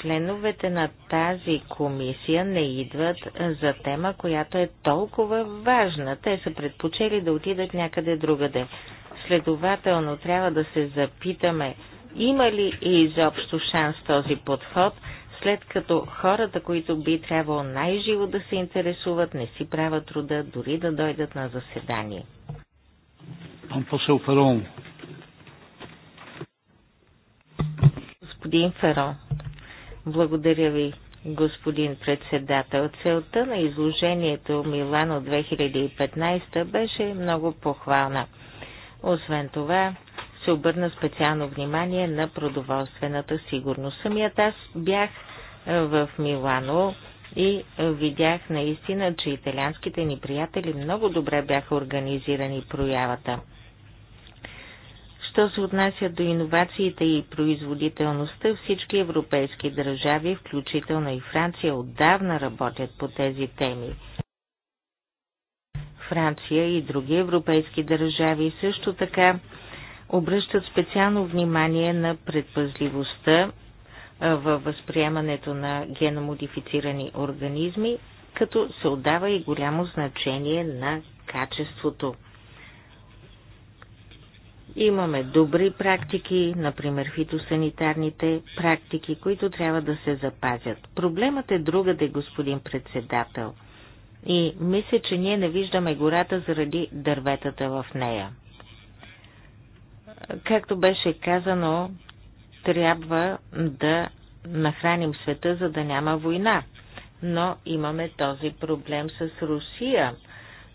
Членовете на тази комисия не идват за тема, която е толкова важна. Те са предпочели да отидат някъде другаде. Следователно трябва да се запитаме, има ли и изобщо шанс този подход, след като хората, които би трябвало най-живо да се интересуват, не си правят труда дори да дойдат на заседание. Господин Феро, благодаря ви, господин председател. Целта на изложението Милано 2015 беше много похвална – освен това, се обърна специално внимание на продоволствената сигурност. Самият аз бях в Милано и видях наистина, че италианските ни приятели много добре бяха организирани проявата. Що се отнася до иновациите и производителността, всички европейски държави, включително и Франция, отдавна работят по тези теми. Франция и други европейски държави също така обръщат специално внимание на предпазливостта във възприемането на геномодифицирани организми, като се отдава и голямо значение на качеството. Имаме добри практики, например фитосанитарните практики, които трябва да се запазят. Проблемът е другаде, господин председател – и мисля, че ние не виждаме гората заради дърветата в нея. Както беше казано, трябва да нахраним света, за да няма война. Но имаме този проблем с Русия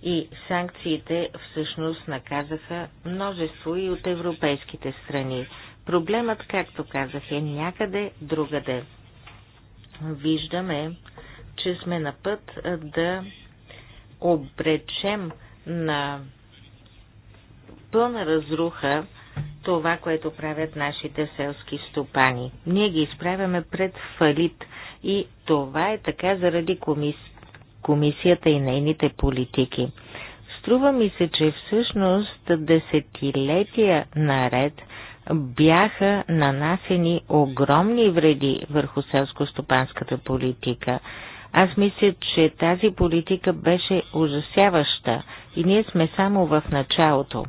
и санкциите всъщност наказаха множество и от европейските страни. Проблемът, както казах, е някъде другаде. Виждаме, че сме на път да обречем на пълна разруха това, което правят нашите селски стопани. Ние ги изправяме пред фалит и това е така заради комис... комисията и нейните политики. Струва ми се, че всъщност десетилетия наред бяха нанасени огромни вреди върху селско-стопанската политика. Аз мисля, че тази политика беше ужасяваща и ние сме само в началото.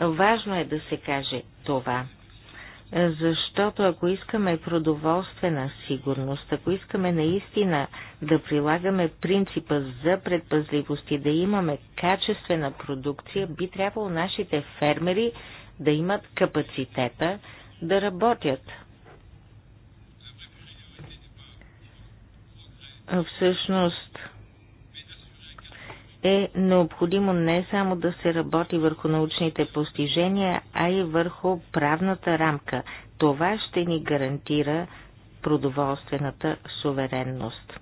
Важно е да се каже това. Защото ако искаме продоволствена сигурност, ако искаме наистина да прилагаме принципа за предпазливост и да имаме качествена продукция, би трябвало нашите фермери да имат капацитета да работят всъщност е необходимо не само да се работи върху научните постижения, а и върху правната рамка. Това ще ни гарантира продоволствената суверенност.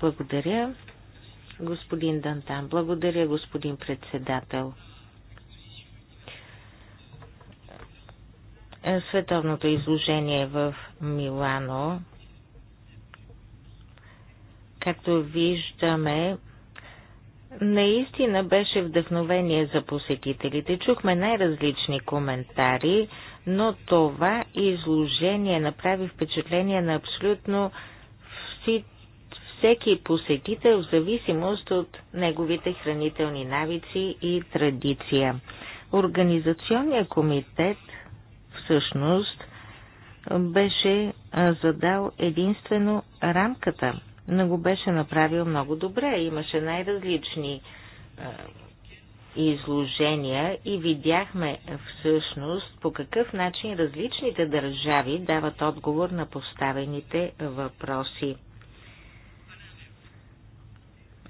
Благодаря, господин Дантан. Благодаря, господин председател. Световното изложение в Милано Както виждаме, наистина беше вдъхновение за посетителите. Чухме най-различни коментари, но това изложение направи впечатление на абсолютно всички всеки посетител в зависимост от неговите хранителни навици и традиция. Организационният комитет всъщност беше задал единствено рамката но го беше направил много добре. Имаше най-различни е, изложения и видяхме всъщност по какъв начин различните държави дават отговор на поставените въпроси.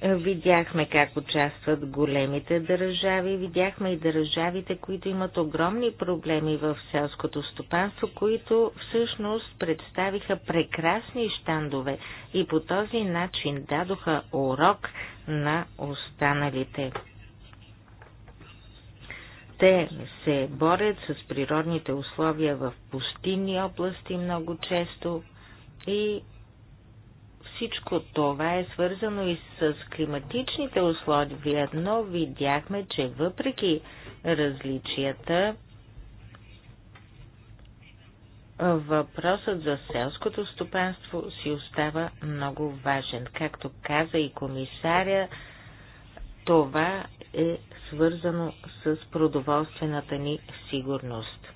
Видяхме как участват големите държави, видяхме и държавите, които имат огромни проблеми в селското стопанство, които всъщност представиха прекрасни щандове и по този начин дадоха урок на останалите. Те се борят с природните условия в пустинни области много често и всичко това е свързано и с климатичните условия, но видяхме, че въпреки различията, въпросът за селското стопанство си остава много важен. Както каза и комисаря, това е свързано с продоволствената ни сигурност.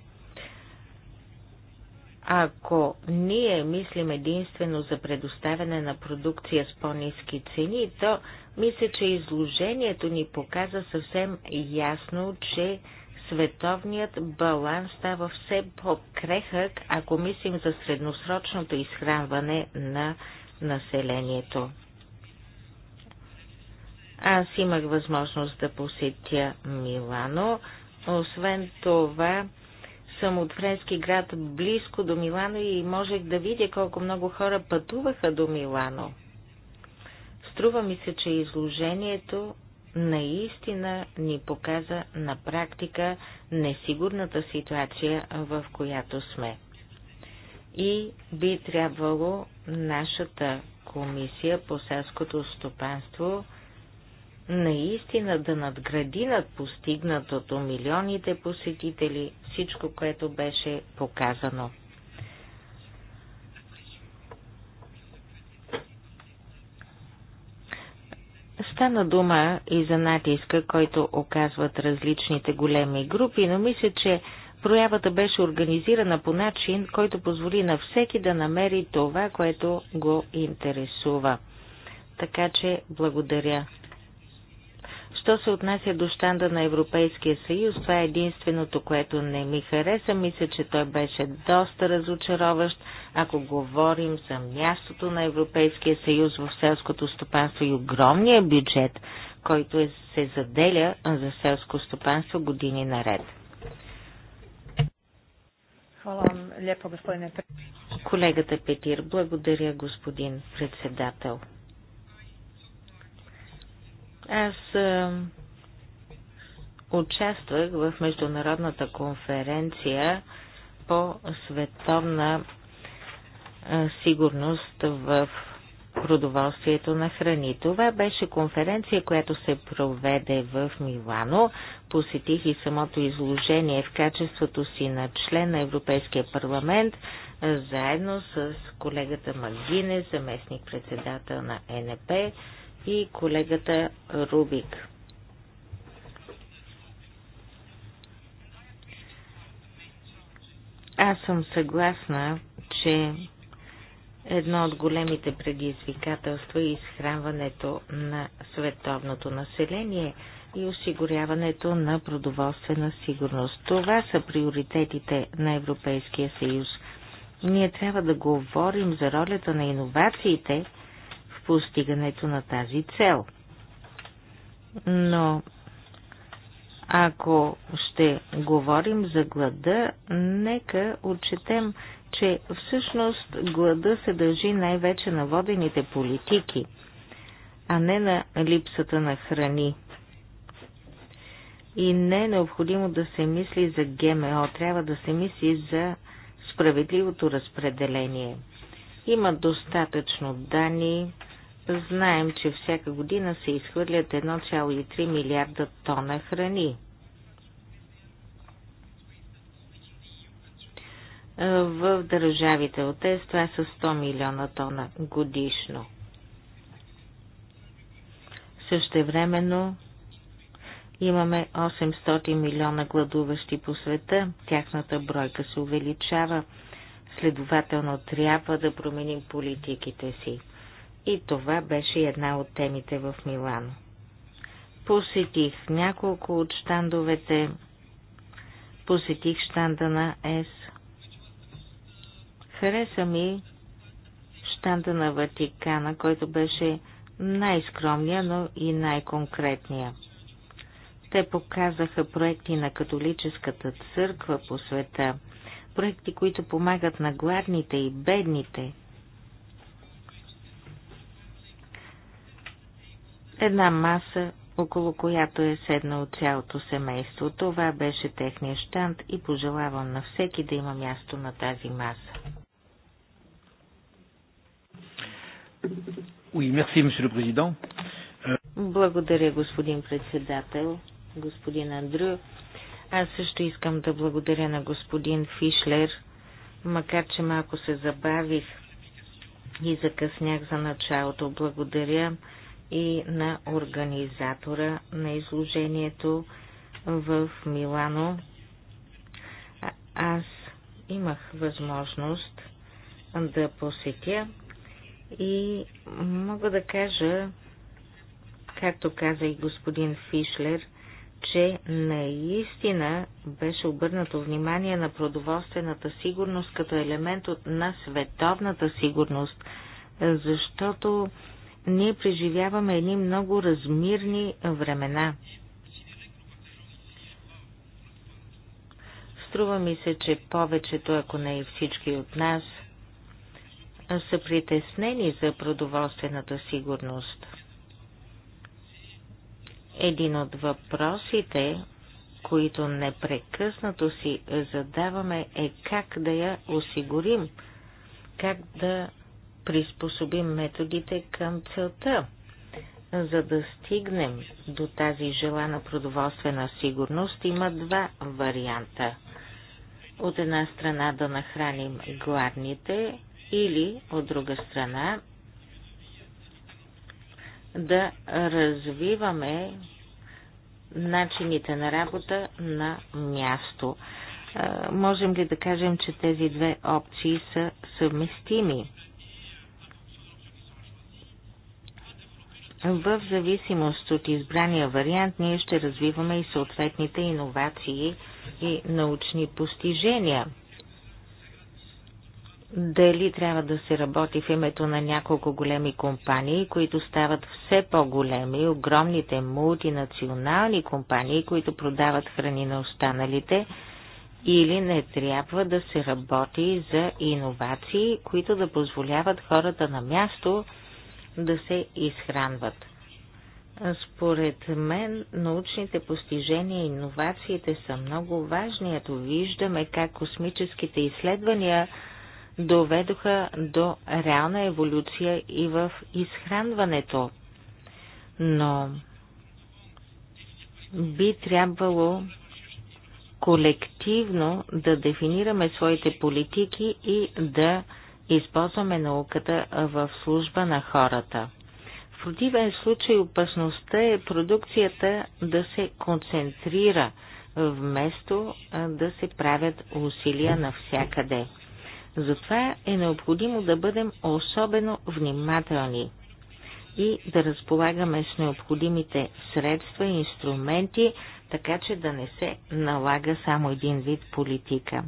Ако ние мислим единствено за предоставяне на продукция с по-низки цени, то мисля, че изложението ни показа съвсем ясно, че световният баланс става все по-крехък, ако мислим за средносрочното изхранване на населението. Аз имах възможност да посетя Милано. Освен това, съм от френски град близко до Милано и можех да видя колко много хора пътуваха до Милано. Струва ми се, че изложението наистина ни показа на практика несигурната ситуация, в която сме. И би трябвало нашата комисия по селското стопанство наистина да надгради над постигнатото милионите посетители, всичко, което беше показано. Стана дума и за натиска, който оказват различните големи групи, но мисля, че проявата беше организирана по начин, който позволи на всеки да намери това, което го интересува. Така че благодаря Що се отнася до щанда на Европейския съюз, това е единственото, което не ми хареса. Мисля, че той беше доста разочароващ, ако говорим за мястото на Европейския съюз в селското стопанство и огромния бюджет, който е, се заделя за селско стопанство години наред. Колегата Петир, благодаря господин председател. Аз а, участвах в международната конференция по световна а, сигурност в продоволствието на храни. Това беше конференция, която се проведе в Милано. Посетих и самото изложение в качеството си на член на Европейския парламент, заедно с колегата Магине, заместник председател на НП и колегата Рубик. Аз съм съгласна, че едно от големите предизвикателства е изхранването на световното население и осигуряването на продоволствена сигурност. Това са приоритетите на Европейския съюз. Ние трябва да говорим за ролята на иновациите – постигането на тази цел. Но ако ще говорим за глада, нека отчетем, че всъщност глада се дължи най-вече на водените политики, а не на липсата на храни. И не е необходимо да се мисли за ГМО, трябва да се мисли за справедливото разпределение. Има достатъчно данни, Знаем, че всяка година се изхвърлят 1,3 милиарда тона храни. В държавите от ЕС това е са 100 милиона тона годишно. Същевременно имаме 800 милиона гладуващи по света, тяхната бройка се увеличава, следователно трябва да променим политиките си. И това беше една от темите в Милано. Посетих няколко от штандовете, посетих штанда на ЕС. Хареса ми штанда на Ватикана, който беше най-скромния, но и най-конкретния. Те показаха проекти на католическата църква по света, проекти, които помагат на гладните и бедните – една маса, около която е седнало цялото семейство. Това беше техния щант и пожелавам на всеки да има място на тази маса. Oui, merci, monsieur le président. Euh, благодаря, господин председател, господин Андрю. Аз също искам да благодаря на господин Фишлер, макар че малко се забавих и закъснях за началото. Благодаря и на организатора на изложението в Милано. Аз имах възможност да посетя и мога да кажа, както каза и господин Фишлер, че наистина беше обърнато внимание на продоволствената сигурност като елемент на световната сигурност, защото ние преживяваме едни много размирни времена. Струва ми се, че повечето, ако не и всички от нас, са притеснени за продоволствената сигурност. Един от въпросите, които непрекъснато си задаваме, е как да я осигурим, как да приспособим методите към целта. За да стигнем до тази желана продоволствена сигурност, има два варианта. От една страна да нахраним гладните или от друга страна да развиваме начините на работа на място. Можем ли да кажем, че тези две опции са съвместими? В зависимост от избрания вариант, ние ще развиваме и съответните иновации и научни постижения. Дали трябва да се работи в името на няколко големи компании, които стават все по-големи, огромните мултинационални компании, които продават храни на останалите, или не трябва да се работи за иновации, които да позволяват хората на място да се изхранват. Според мен научните постижения и иновациите са много важни. Ето виждаме как космическите изследвания доведоха до реална еволюция и в изхранването. Но би трябвало колективно да дефинираме своите политики и да използваме науката в служба на хората. В противен случай опасността е продукцията да се концентрира, вместо да се правят усилия навсякъде. Затова е необходимо да бъдем особено внимателни и да разполагаме с необходимите средства и инструменти, така че да не се налага само един вид политика.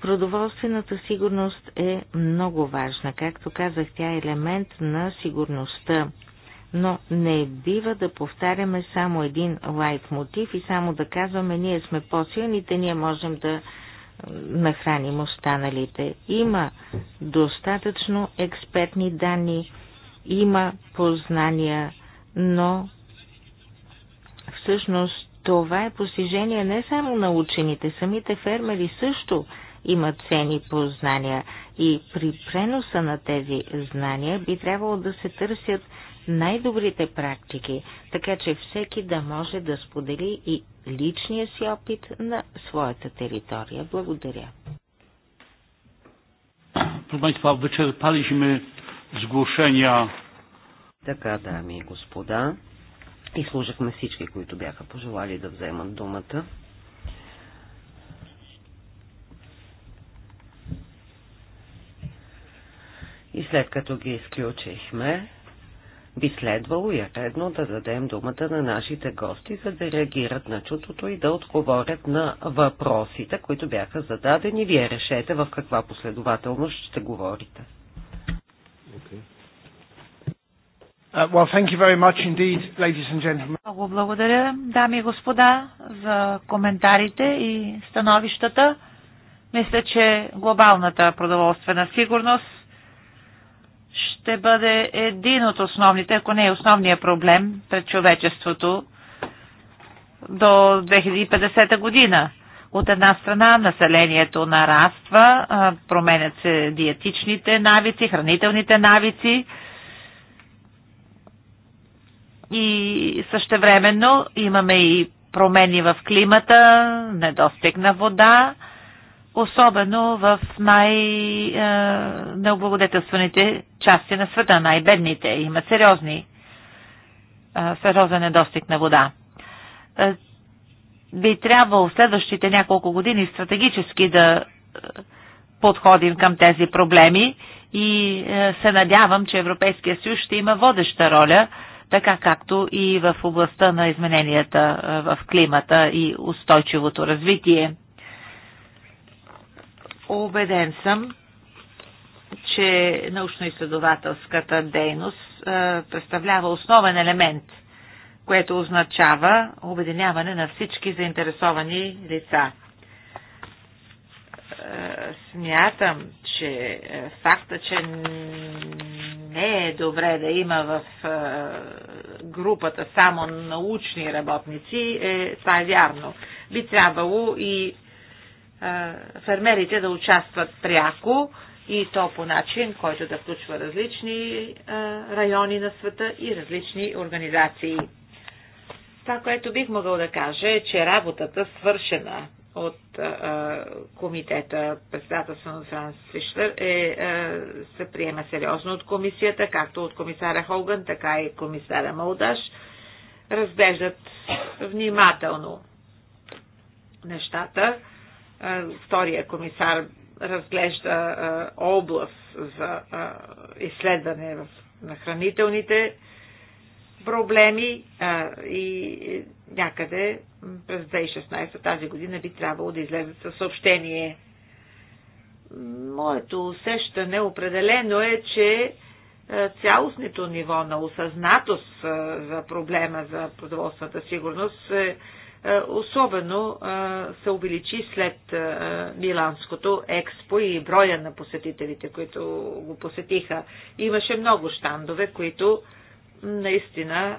Продоволствената сигурност е много важна. Както казах, тя е елемент на сигурността. Но не бива да повтаряме само един лайт мотив и само да казваме ние сме по-силните, ние можем да нахраним останалите. Има достатъчно експертни данни, има познания, но всъщност това е постижение не само на учените, самите фермери също има цени познания и при преноса на тези знания би трябвало да се търсят най-добрите практики, така че всеки да може да сподели и личния си опит на своята територия. Благодаря. Proszę Państwa, wyczerpaliśmy сглушения. Така, дами и господа, изслужахме всички, които бяха пожелали да вземат думата. след като ги изключихме, би следвало и редно да дадем думата на нашите гости, за да реагират на чутото и да отговорят на въпросите, които бяха зададени. Вие решете в каква последователност ще говорите. Uh, well, thank you very much indeed, ladies and gentlemen. Много благодаря, дами и господа, за коментарите и становищата. Мисля, че глобалната продоволствена сигурност ще бъде един от основните, ако не е основния проблем пред човечеството до 2050 година. От една страна населението нараства, променят се диетичните навици, хранителните навици и същевременно имаме и промени в климата, недостиг на вода, особено в най-необлагодетелстваните е, части на света, най-бедните. Има сериозни, е, сериозен недостиг на вода. Е, би трябвало в следващите няколко години стратегически да подходим към тези проблеми и се надявам, че Европейския съюз ще има водеща роля, така както и в областта на измененията в климата и устойчивото развитие. Обеден съм, че научно-изследователската дейност представлява основен елемент, което означава обединяване на всички заинтересовани лица. Смятам, че факта, че не е добре да има в групата само научни работници, е, това е вярно. Би трябвало и фермерите да участват пряко и то по начин, който да включва различни райони на света и различни организации. Това, което бих могъл да кажа е, че работата свършена от а, комитета, председателство на Франс Фишлер, е, а, се приема сериозно от комисията, както от комисаря Холган, така и комисаря Малдаш. Разглеждат внимателно нещата Втория комисар разглежда област за изследване на хранителните проблеми и някъде през 2016 тази година би трябвало да излезат със съобщение. Моето усещане определено е, че цялостното ниво на осъзнатост за проблема за продоволствената сигурност е е, особено е, се увеличи след е, Миланското експо и броя на посетителите, които го посетиха. Имаше много штандове, които наистина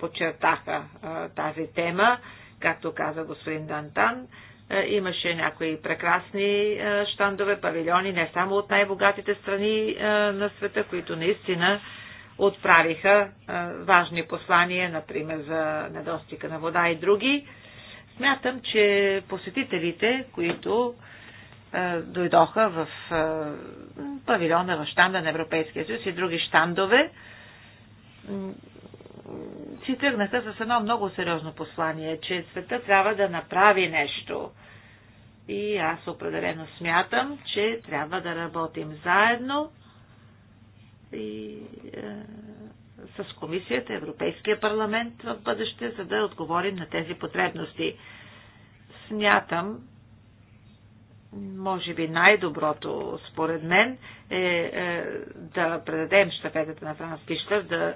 подчертаха тази тема, както каза господин Дантан. Имаше някои прекрасни щандове, павилиони, не само от най-богатите страни на света, които наистина отправиха важни послания, например за недостига на вода и други. Смятам, че посетителите, които дойдоха в павилиона в Штанда на Европейския съюз и други штандове, си тръгнаха с едно много сериозно послание, че света трябва да направи нещо. И аз определено смятам, че трябва да работим заедно и е, с комисията, Европейския парламент в бъдеще, за да отговорим на тези потребности. Смятам, може би най-доброто според мен е, е да предадем щафетата на Франс Пиштър, да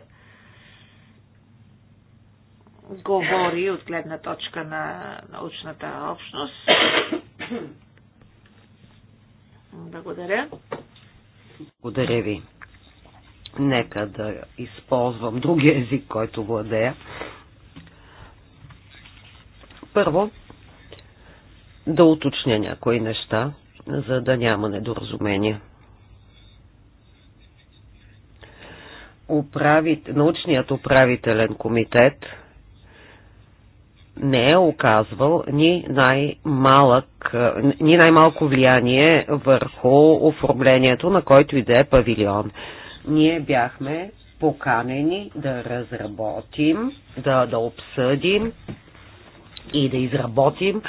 говори от гледна точка на научната общност. Благодаря. Благодаря ви. Нека да използвам другия език, който владея. Първо, да уточня някои неща, за да няма недоразумение. Управит, научният управителен комитет не е оказвал ни, най-малък, ни най-малко влияние върху оформлението на който и да е павилион ние бяхме поканени да разработим, да, да обсъдим и да изработим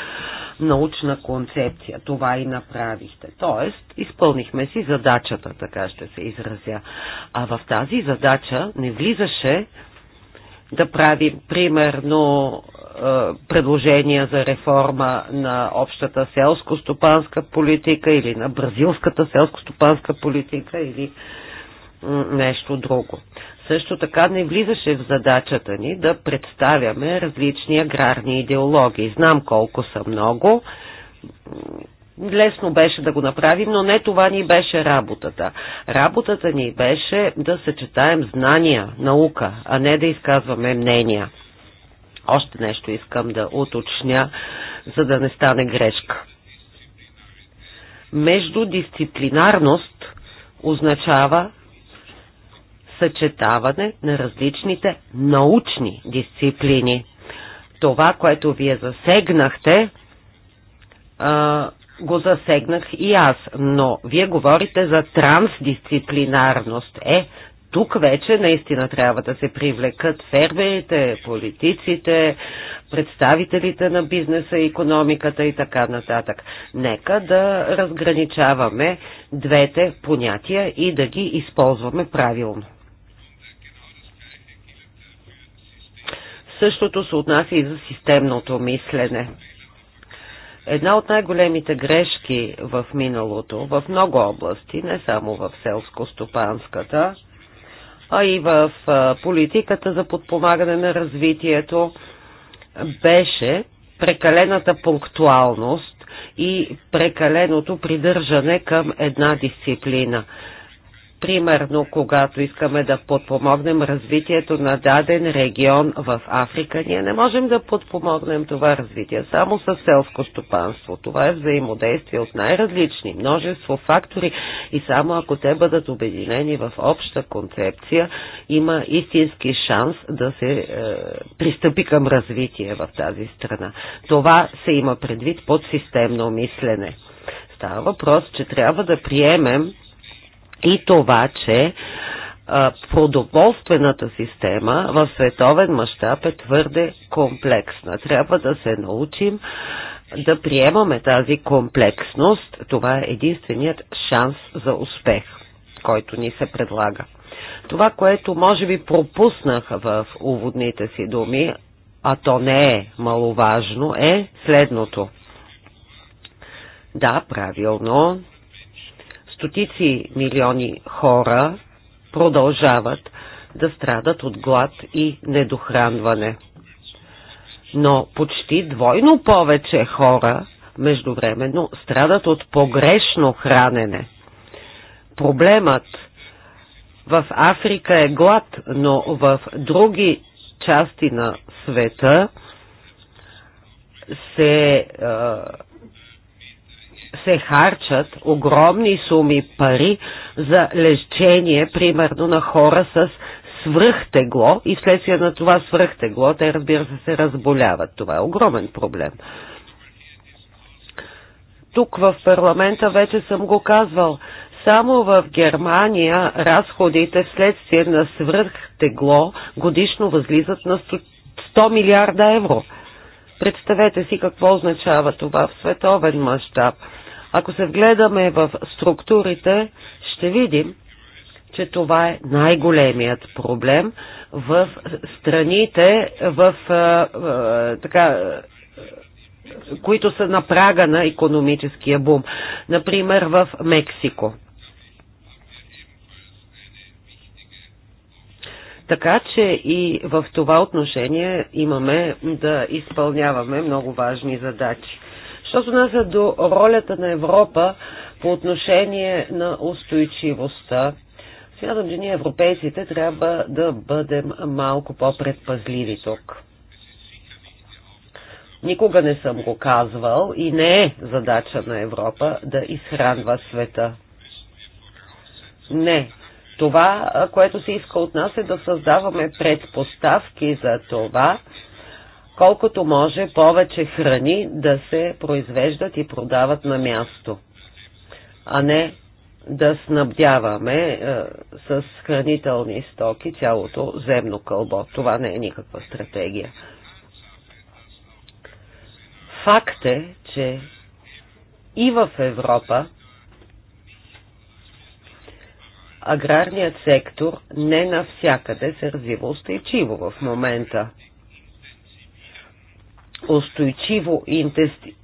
научна концепция. Това и направихте. Тоест, изпълнихме си задачата, така ще се изразя. А в тази задача не влизаше да правим примерно е, предложения за реформа на общата селско-стопанска политика или на бразилската селско-стопанска политика или нещо друго. Също така не влизаше в задачата ни да представяме различни аграрни идеологии. Знам колко са много. Лесно беше да го направим, но не това ни беше работата. Работата ни беше да съчетаем знания, наука, а не да изказваме мнения. Още нещо искам да уточня, за да не стане грешка. Междудисциплинарност означава съчетаване на различните научни дисциплини. Това, което вие засегнахте, го засегнах и аз, но вие говорите за трансдисциплинарност. Е, тук вече наистина трябва да се привлекат фермерите, политиците, представителите на бизнеса, економиката и така нататък. Нека да разграничаваме двете понятия и да ги използваме правилно. Същото се отнася и за системното мислене. Една от най-големите грешки в миналото, в много области, не само в селско-стопанската, а и в политиката за подпомагане на развитието, беше прекалената пунктуалност и прекаленото придържане към една дисциплина. Примерно, когато искаме да подпомогнем развитието на даден регион в Африка, ние не можем да подпомогнем това развитие само с селско стопанство. Това е взаимодействие от най-различни множество фактори и само ако те бъдат обединени в обща концепция, има истински шанс да се е, пристъпи към развитие в тази страна. Това се има предвид под системно мислене. Става въпрос, че трябва да приемем и това, че продоволствената система в световен мащаб е твърде комплексна. Трябва да се научим да приемаме тази комплексност. Това е единственият шанс за успех, който ни се предлага. Това, което може би пропуснах в уводните си думи, а то не е маловажно, е следното. Да, правилно, стотици милиони хора продължават да страдат от глад и недохранване. Но почти двойно повече хора междувременно страдат от погрешно хранене. Проблемът в Африка е глад, но в други части на света се се харчат огромни суми пари за лечение, примерно на хора с свръхтегло и вследствие на това свръхтегло, те разбира се се разболяват. Това е огромен проблем. Тук в парламента вече съм го казвал. Само в Германия разходите вследствие на свръхтегло годишно възлизат на 100 милиарда евро. Представете си какво означава това в световен мащаб. Ако се вгледаме в структурите, ще видим, че това е най-големият проблем в страните, в, така, които са на прага на економическия бум. Например, в Мексико. Така че и в това отношение имаме да изпълняваме много важни задачи. Що се нася до ролята на Европа по отношение на устойчивостта, смятам, че ние европейците трябва да бъдем малко по-предпазливи тук. Никога не съм го казвал и не е задача на Европа да изхранва света. Не, това, което се иска от нас е да създаваме предпоставки за това, колкото може повече храни да се произвеждат и продават на място, а не да снабдяваме е, с хранителни стоки цялото земно кълбо. Това не е никаква стратегия. Факт е, че и в Европа аграрният сектор не навсякъде се развива устойчиво в момента. Устойчиво интенсив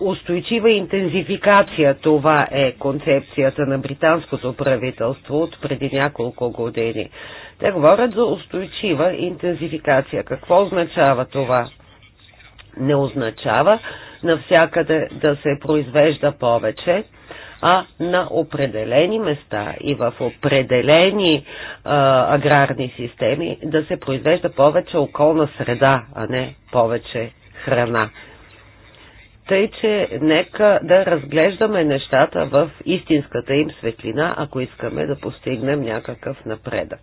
устойчива интензификация. Това е концепцията на британското правителство от преди няколко години. Те говорят за устойчива интензификация. Какво означава това? Не означава навсякъде да се произвежда повече, а на определени места и в определени а, аграрни системи да се произвежда повече околна среда, а не повече храна. Тъй, че нека да разглеждаме нещата в истинската им светлина, ако искаме да постигнем някакъв напредък.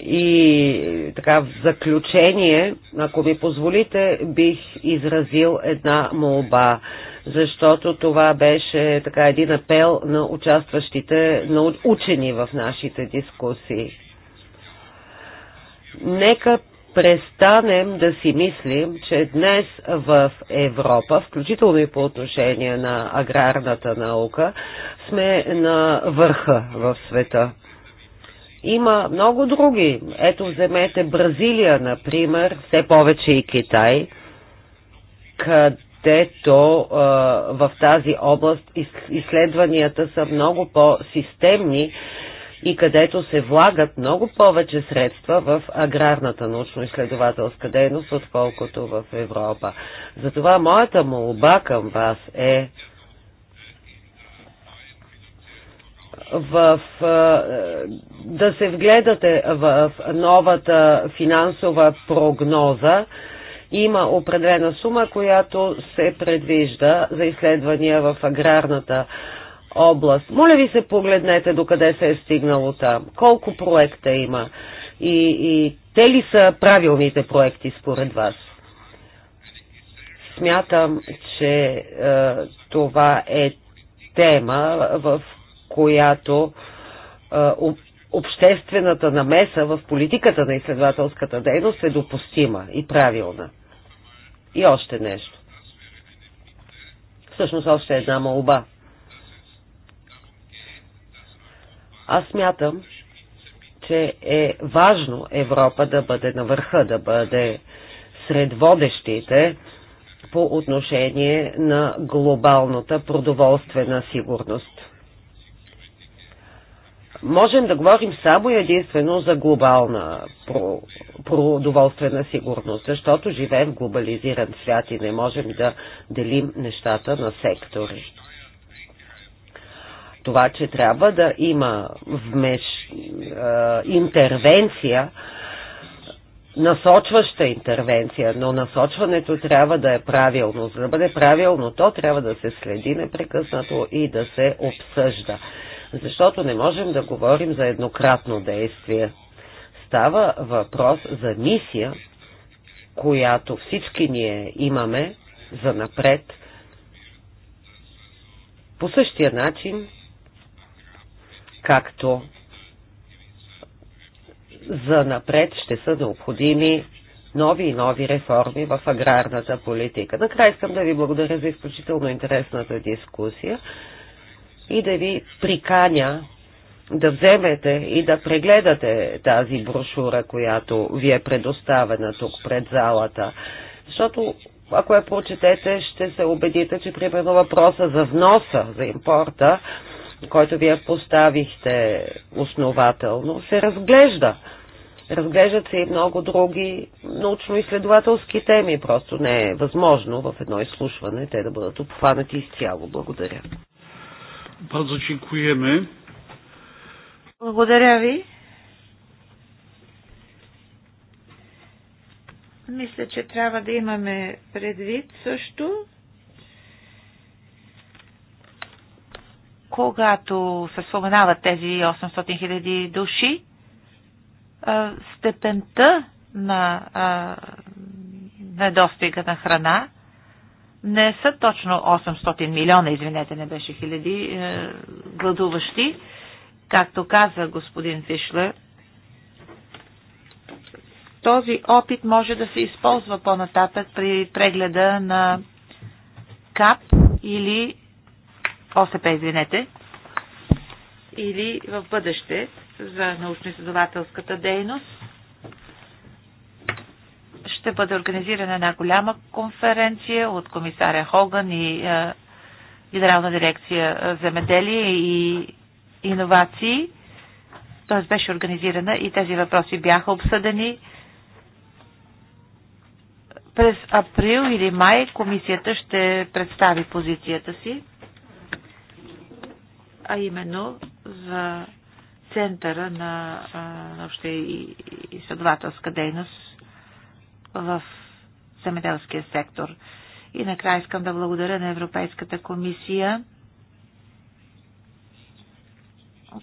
И така, в заключение, ако ми позволите, бих изразил една молба, защото това беше така един апел на участващите, на учени в нашите дискусии. Нека престанем да си мислим, че днес в Европа, включително и по отношение на аграрната наука, сме на върха в света. Има много други. Ето вземете Бразилия, например, все повече и Китай, където в тази област изследванията са много по-системни и където се влагат много повече средства в аграрната научно-изследователска дейност, отколкото в Европа. Затова моята молба към вас е в, да се вгледате в новата финансова прогноза. Има определена сума, която се предвижда за изследвания в аграрната област. Моля ви се погледнете до къде се е стигнало там. Колко проекта има и, и те ли са правилните проекти според вас? Смятам, че е, това е тема, в която обществената намеса в политиката на изследователската дейност е допустима и правилна. И още нещо. Всъщност още една молба. Аз смятам, че е важно Европа да бъде на върха, да бъде сред водещите по отношение на глобалната продоволствена сигурност можем да говорим само и единствено за глобална продоволствена сигурност, защото живеем в глобализиран свят и не можем да делим нещата на сектори. Това, че трябва да има вмеш, интервенция, насочваща интервенция, но насочването трябва да е правилно. За да бъде правилно, то трябва да се следи непрекъснато и да се обсъжда защото не можем да говорим за еднократно действие. Става въпрос за мисия, която всички ние имаме за напред. По същия начин, както за напред ще са необходими нови и нови реформи в аграрната политика. Накрая искам да ви благодаря за изключително интересната дискусия и да ви приканя да вземете и да прегледате тази брошура, която ви е предоставена тук пред залата. Защото ако я прочетете, ще се убедите, че примерно въпроса за вноса, за импорта, който вие поставихте основателно, се разглежда. Разглеждат се и много други научно-изследователски теми. Просто не е възможно в едно изслушване те да бъдат обхванати изцяло. Благодаря. Bardzo dziękujemy. Благодаря ви. Мисля, че трябва да имаме предвид също, когато се споменават тези 800 000 души, степента на недостига на храна не са точно 800 милиона, извинете, не беше хиляди е, гладуващи. Както каза господин Фишлер, този опит може да се използва по-нататък при прегледа на КАП или ОСП, извинете, или в бъдеще за научно-изследователската дейност ще бъде организирана една голяма конференция от комисаря Хоган и е, Генерална дирекция е, земеделие и иновации. Т.е. беше организирана и тези въпроси бяха обсъдени. През април или май комисията ще представи позицията си, а именно за центъра на, е, на обща и изследователска дейност в земеделския сектор. И накрая искам да благодаря на Европейската комисия,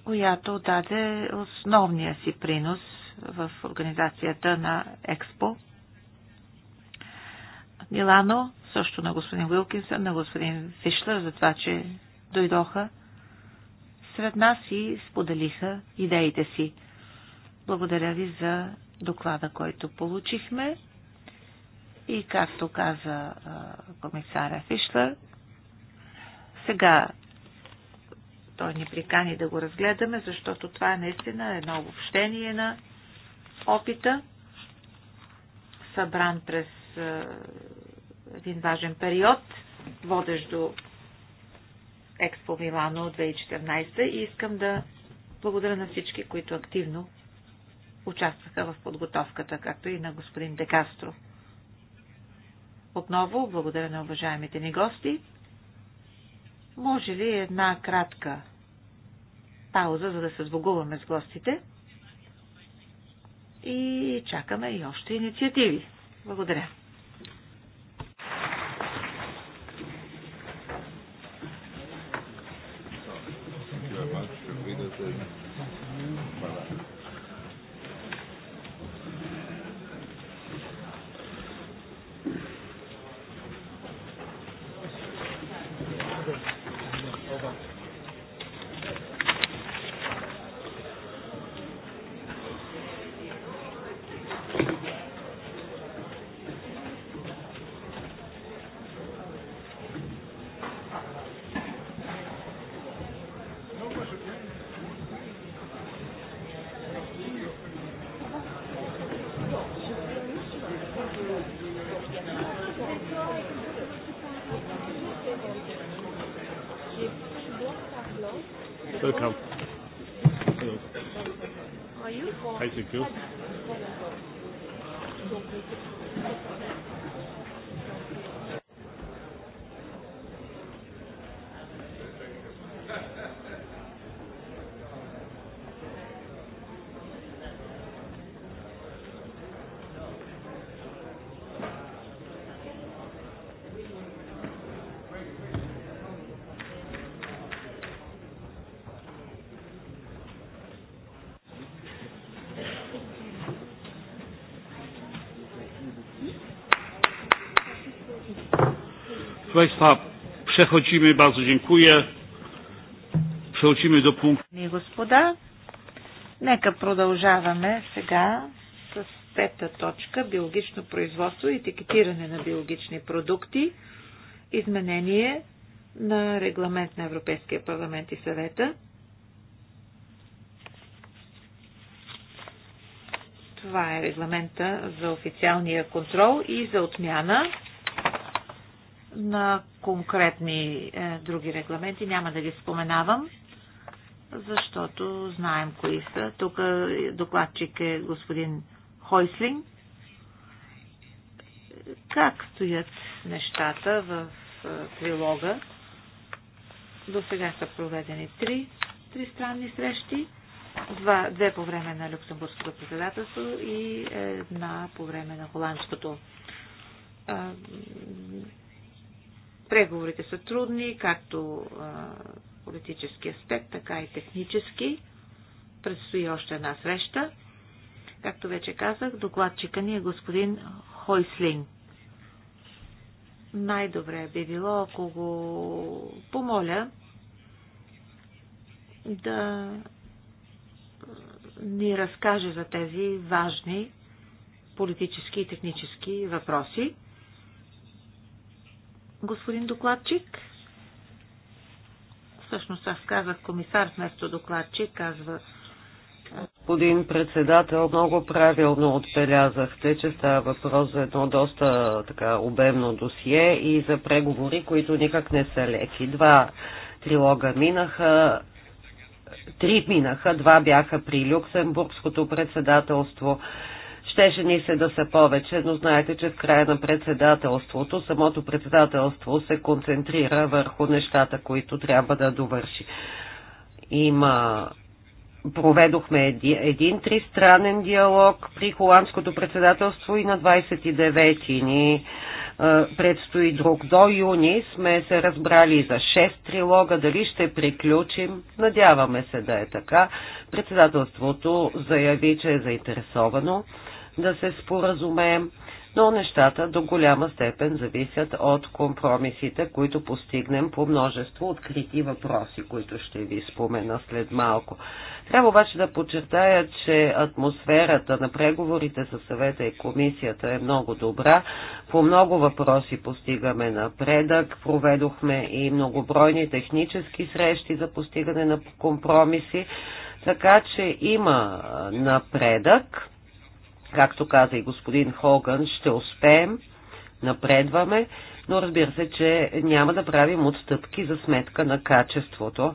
която даде основния си принос в организацията на Експо. Милано, също на господин Уилкинсън, на господин Фишлер, за това, че дойдоха сред нас и споделиха идеите си. Благодаря ви за доклада, който получихме. И както каза комисаря Фишлер, сега той ни прикани да го разгледаме, защото това е наистина едно обобщение на опита, събран през един важен период, водещ до Експо Милано 2014 и искам да благодаря на всички, които активно участваха в подготовката, както и на господин Декастро. Отново благодаря на уважаемите ни гости. Може ли една кратка пауза, за да се сбогуваме с гостите? И чакаме и още инициативи. Благодаря. Państwa, przechodzimy, bardzo dziękuję. Przechodzimy do punktu. Господа, нека продължаваме сега с пета точка биологично производство и етикетиране на биологични продукти, изменение на регламент на Европейския парламент и съвета. Това е регламента за официалния контрол и за отмяна на конкретни е, други регламенти. Няма да ги споменавам, защото знаем кои са. Тук докладчик е господин Хойслин. Как стоят нещата в е, трилога? До сега са проведени три, три странни срещи два, две по време на Люксембургското председателство и една по време на Холандското. Е, Преговорите са трудни, както политически аспект, така и технически. Предстои още една среща. Както вече казах, докладчика ни е господин Хойслин. Най-добре би било, ако го помоля да ни разкаже за тези важни политически и технически въпроси господин докладчик. Всъщност аз казах комисар вместо докладчик, казва Господин председател, много правилно отбелязахте, че става въпрос за едно доста така обемно досие и за преговори, които никак не са леки. Два трилога минаха, три минаха, два бяха при Люксембургското председателство. Щеше ни се да са повече, но знаете, че в края на председателството, самото председателство се концентрира върху нещата, които трябва да довърши. Има проведохме един, тристранен диалог при холандското председателство и на 29 ти ни е, предстои друг. До юни сме се разбрали за 6 трилога, дали ще приключим. Надяваме се да е така. Председателството заяви, че е заинтересовано да се споразумеем, но нещата до голяма степен зависят от компромисите, които постигнем по множество открити въпроси, които ще ви спомена след малко. Трябва обаче да подчертая, че атмосферата на преговорите със съвета и комисията е много добра. По много въпроси постигаме напредък. Проведохме и многобройни технически срещи за постигане на компромиси, така че има напредък Както каза и господин Хоган, ще успеем, напредваме, но разбира се, че няма да правим отстъпки за сметка на качеството,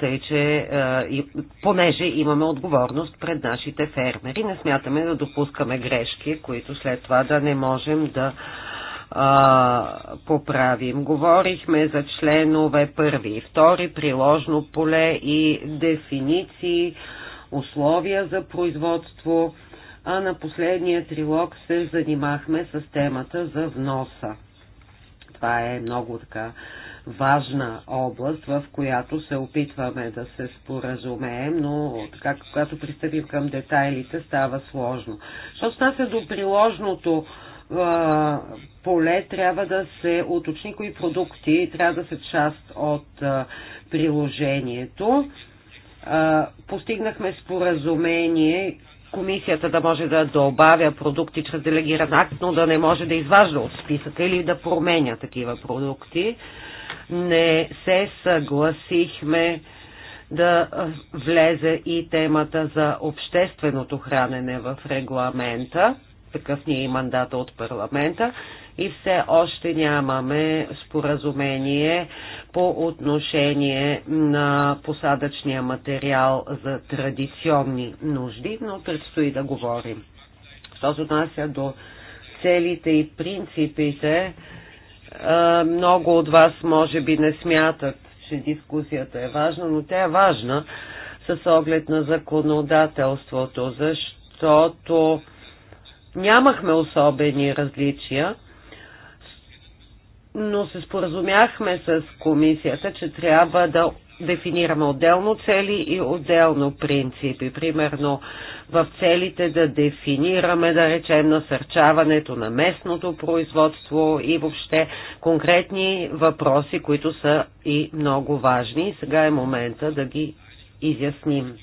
тъй че е, понеже имаме отговорност пред нашите фермери, не смятаме да допускаме грешки, които след това да не можем да а, поправим. Говорихме за членове първи и втори, приложно поле и дефиниции, условия за производство а на последния трилог се занимахме с темата за вноса. Това е много така важна област, в която се опитваме да се споразумеем, но така, когато пристъпим към детайлите, става сложно. Що се до приложното а, поле, трябва да се уточни кои продукти трябва да са част от а, приложението. А, постигнахме споразумение комисията да може да добавя продукти чрез делегиран акт, но да не може да изважда от списъка или да променя такива продукти. Не се съгласихме да влезе и темата за общественото хранене в регламента. Такъв ни е и мандата от парламента и все още нямаме споразумение по отношение на посадъчния материал за традиционни нужди, но предстои да говорим. Що се отнася до целите и принципите, много от вас може би не смятат, че дискусията е важна, но тя е важна с оглед на законодателството, защото нямахме особени различия но се споразумяхме с комисията, че трябва да дефинираме отделно цели и отделно принципи. Примерно в целите да дефинираме, да речем, насърчаването на местното производство и въобще конкретни въпроси, които са и много важни. Сега е момента да ги изясним.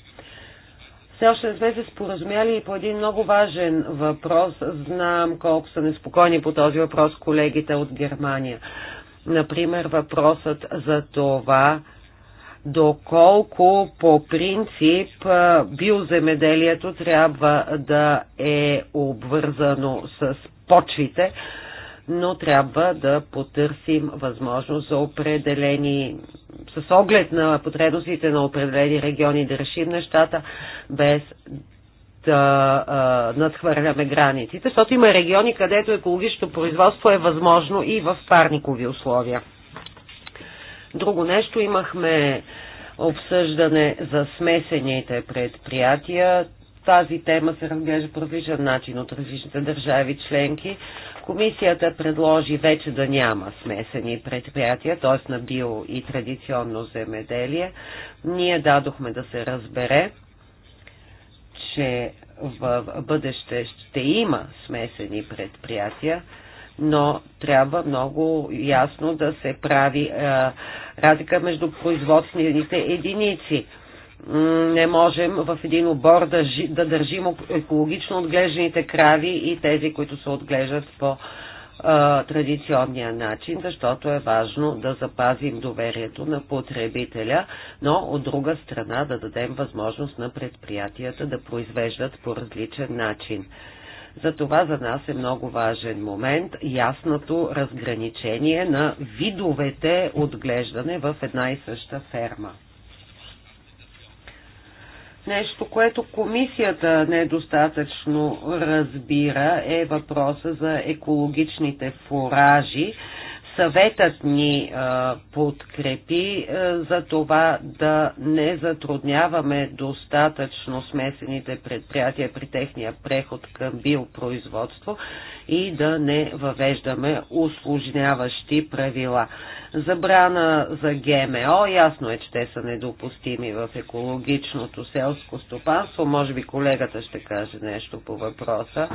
Все още не сме се споразумяли и по един много важен въпрос. Знам колко са неспокойни по този въпрос колегите от Германия. Например, въпросът за това, доколко по принцип биоземеделието трябва да е обвързано с почвите, но трябва да потърсим възможност за определени, с оглед на потребностите на определени региони да решим нещата, без да а, надхвърляме границите, защото има региони, където екологичното производство е възможно и в парникови условия. Друго нещо имахме обсъждане за смесените предприятия тази тема се разглежда по различен начин от различните държави членки. Комисията предложи вече да няма смесени предприятия, т.е. на био и традиционно земеделие. Ние дадохме да се разбере, че в бъдеще ще има смесени предприятия, но трябва много ясно да се прави разлика между производствените единици – не можем в един обор да, да държим екологично отглежданите крави и тези, които се отглеждат по а, традиционния начин, защото е важно да запазим доверието на потребителя, но от друга страна да дадем възможност на предприятията да произвеждат по различен начин. За това за нас е много важен момент ясното разграничение на видовете отглеждане в една и съща ферма. Нещо, което комисията недостатъчно разбира е въпроса за екологичните фуражи съветът ни а, подкрепи а, за това да не затрудняваме достатъчно смесените предприятия при техния преход към биопроизводство и да не въвеждаме усложняващи правила. Забрана за ГМО, ясно е, че те са недопустими в екологичното селско стопанство. Може би колегата ще каже нещо по въпроса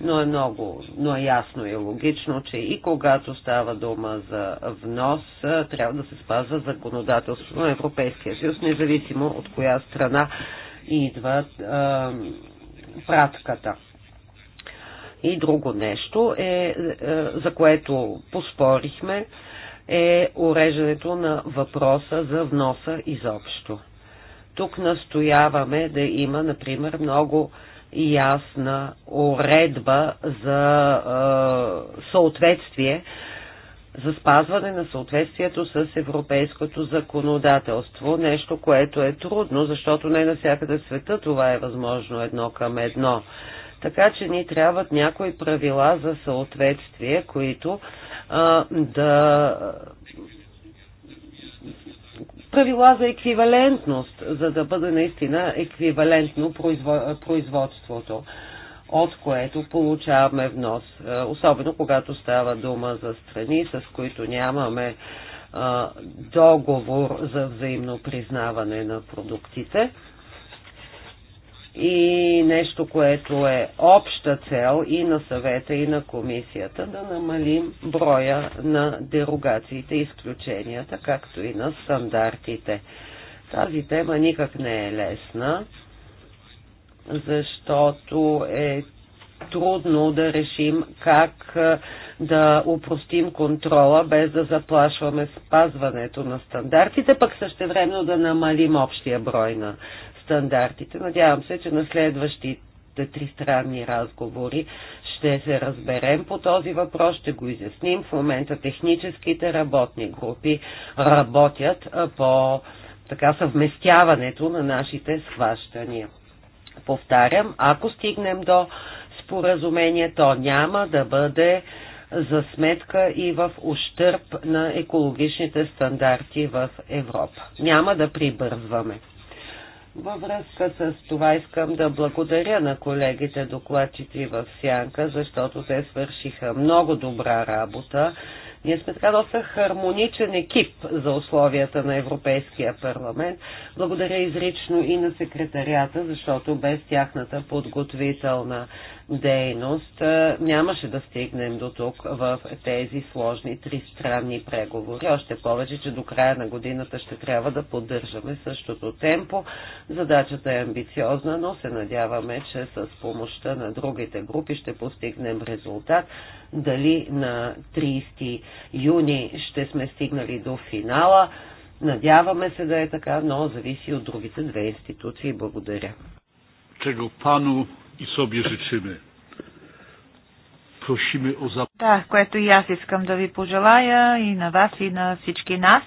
но е много, но е ясно и логично, че и когато става дума за внос, трябва да се спазва законодателство на Европейския съюз, независимо от коя страна идва е, пратката. И друго нещо, е, е, за което поспорихме, е уреждането на въпроса за вноса изобщо. Тук настояваме да има, например, много ясна уредба за е, съответствие, за спазване на съответствието с европейското законодателство. Нещо, което е трудно, защото не навсякъде света това е възможно едно към едно. Така че ни трябват някои правила за съответствие, които а, да правила за еквивалентност, за да бъде наистина еквивалентно производството, от което получаваме внос. Е, особено когато става дума за страни, с които нямаме е, договор за взаимно признаване на продуктите и нещо, което е обща цел и на съвета, и на комисията, да намалим броя на дерогациите и изключенията, както и на стандартите. Тази тема никак не е лесна, защото е трудно да решим как да упростим контрола, без да заплашваме спазването на стандартите, пък същевременно да намалим общия брой на стандартите. Надявам се, че на следващите три странни разговори ще се разберем по този въпрос, ще го изясним. В момента техническите работни групи работят по така съвместяването на нашите схващания. Повтарям, ако стигнем до споразумение, то няма да бъде за сметка и в ущърп на екологичните стандарти в Европа. Няма да прибързваме. Във връзка с това искам да благодаря на колегите докладчици в Сянка, защото те свършиха много добра работа. Ние сме така доста хармоничен екип за условията на Европейския парламент. Благодаря изрично и на секретарията, защото без тяхната подготвителна дейност, нямаше да стигнем до тук в тези сложни тристранни преговори. Още повече, че до края на годината ще трябва да поддържаме същото темпо. Задачата е амбициозна, но се надяваме, че с помощта на другите групи ще постигнем резултат. Дали на 30 юни ще сме стигнали до финала, Надяваме се да е така, но зависи от другите две институции. Благодаря. Чего пану и sobie życzymy. Просиме о за... Да, което и аз искам да ви пожелая и на вас, и на всички нас.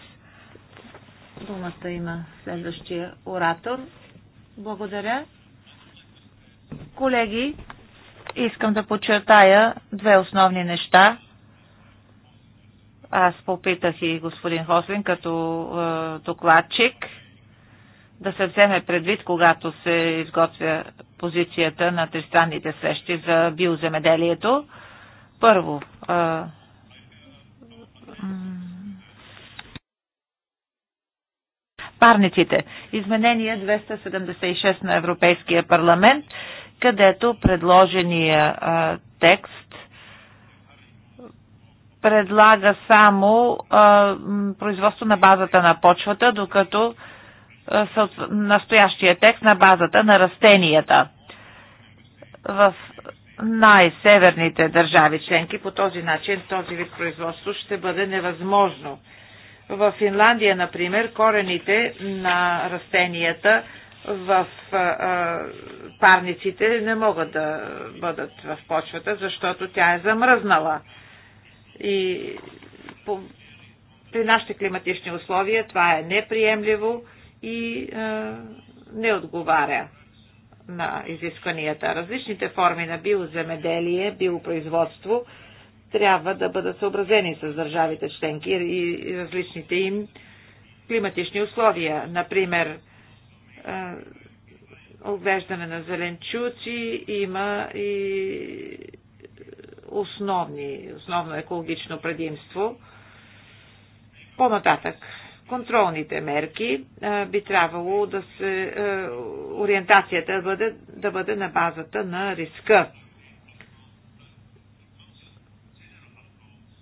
Думата има следващия оратор. Благодаря. Колеги, искам да подчертая две основни неща. Аз попитах и господин Хослин като е, докладчик – да се вземе предвид, когато се изготвя позицията на тристранните срещи за биоземеделието. Първо, парниците. Изменение 276 на Европейския парламент, където предложения текст предлага само производство на базата на почвата, докато настоящия текст на базата на растенията в най-северните държави членки. По този начин този вид производство ще бъде невъзможно. В Финландия, например, корените на растенията в а, парниците не могат да бъдат в почвата, защото тя е замръзнала. И по, при нашите климатични условия това е неприемливо и а, не отговаря на изискванията. Различните форми на биоземеделие, биопроизводство трябва да бъдат съобразени с държавите членки и различните им климатични условия. Например, отглеждане на зеленчуци има и основни, основно екологично предимство. По-нататък контролните мерки би трябвало да се ориентацията да бъде, да бъде на базата на риска.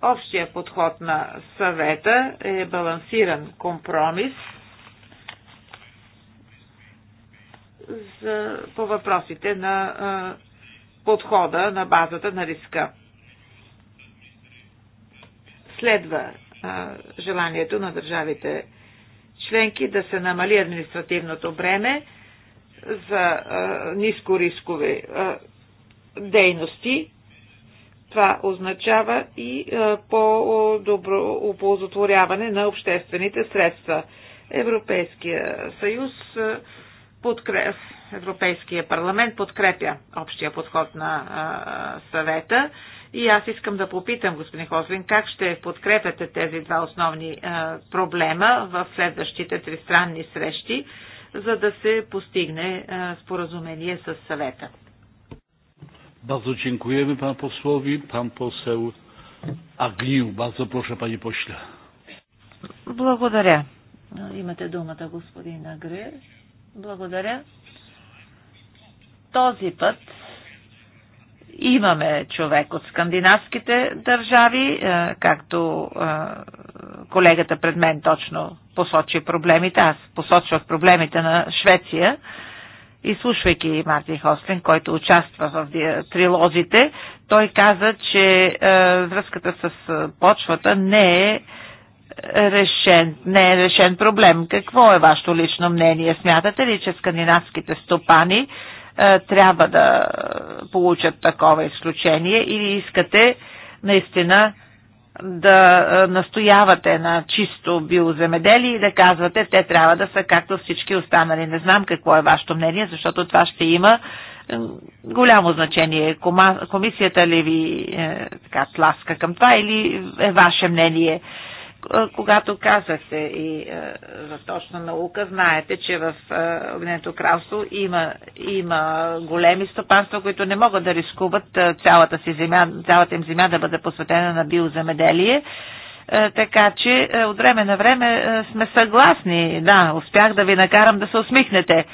Общия подход на съвета е балансиран компромис за, по въпросите на подхода на базата на риска. Следва желанието на държавите членки да се намали административното бреме за ниско а, дейности. Това означава и по-добро оползотворяване на обществените средства. Европейския съюз подкреп, Европейския парламент подкрепя общия подход на съвета и аз искам да попитам, господин Хослин, как ще подкрепяте тези два основни е, проблема в следващите тристранни срещи, за да се постигне е, споразумение с съвета. Bardzo dziękujemy пан послови, пан посел Агнил. Базо проша, пани Пошля. Благодаря. Имате думата, господин Агре. Благодаря. Този път Имаме човек от скандинавските държави, е, както е, колегата пред мен точно посочи проблемите. Аз посочвах проблемите на Швеция и слушвайки Мартин Хослин, който участва в трилозите, той каза, че е, връзката с почвата не е решен, не е решен проблем. Какво е вашето лично мнение? Смятате ли, че скандинавските стопани е, трябва да получат такова изключение или искате наистина да е, настоявате на чисто биоземеделие и да казвате, те трябва да са както всички останали. Не знам какво е вашето мнение, защото това ще има е, голямо значение. комисията ли ви е, така тласка към това или е ваше мнение? когато казахте и за точна наука, знаете, че в Обединеното кралство има, има големи стопанства, които не могат да рискуват цялата, си земя, цялата им земя да бъде посветена на биоземеделие. Така че от време на време сме съгласни. Да, успях да ви накарам да се усмихнете.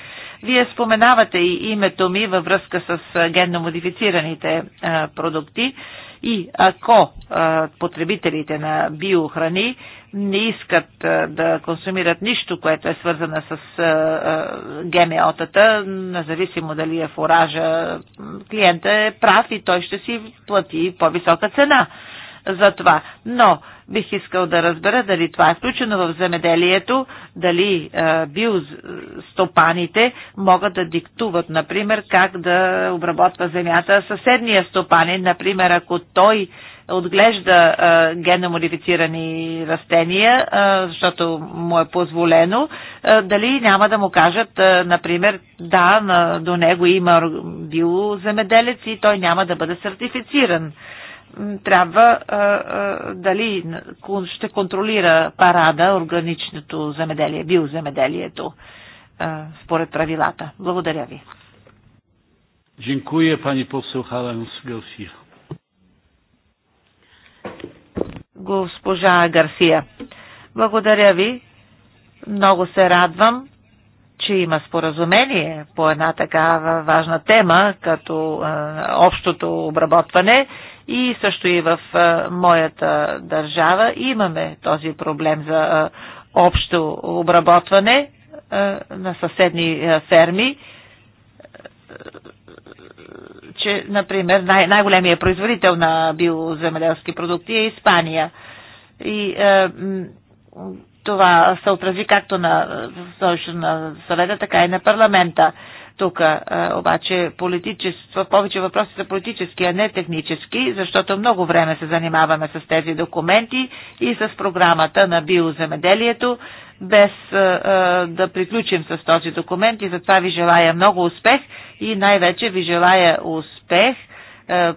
Вие споменавате и името ми във връзка с генно модифицираните продукти. И ако потребителите на биохрани не искат да консумират нищо, което е свързано с ГМО-тата, независимо дали е фуража, клиента е прав и той ще си плати по-висока цена за това. Но бих искал да разбера дали това е включено в земеделието, дали е, биостопаните могат да диктуват, например, как да обработва земята съседния стопанин, например, ако той отглежда е, генномодифицирани растения, е, защото му е позволено, е, дали няма да му кажат, е, например, да, на, до него има биоземеделец и той няма да бъде сертифициран. Е, трябва дали ще контролира парада органичното земеделие, биоземеделието според правилата. Благодаря ви. Дякую, пани poseł Халанс Гарсия. Госпожа Гарсия, благодаря ви. Много се радвам, че има споразумение по една такава важна тема, като общото обработване и също и в моята държава имаме този проблем за общо обработване на съседни ферми че, например, най- най-големият производител на биоземеделски продукти е Испания. И е, това се отрази както на, на съвета, така и на парламента. Тук обаче политичество, повече въпроси са политически, а не технически, защото много време се занимаваме с тези документи и с програмата на биоземеделието, без да приключим с този документ и затова ви желая много успех и най-вече ви желая успех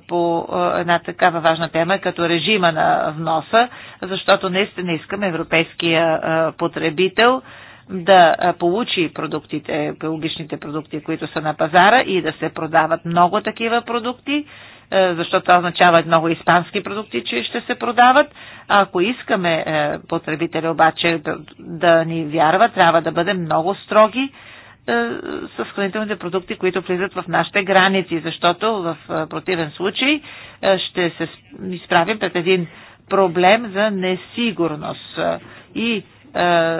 по една такава важна тема, като режима на вноса, защото наистина искаме европейския потребител да получи продуктите, биологичните продукти, които са на пазара и да се продават много такива продукти, защото това означава много испански продукти, че ще се продават. Ако искаме потребители обаче да ни вярва, трябва да бъдем много строги с хранителните продукти, които влизат в нашите граници, защото в противен случай ще се изправим пред един проблем за несигурност. И е,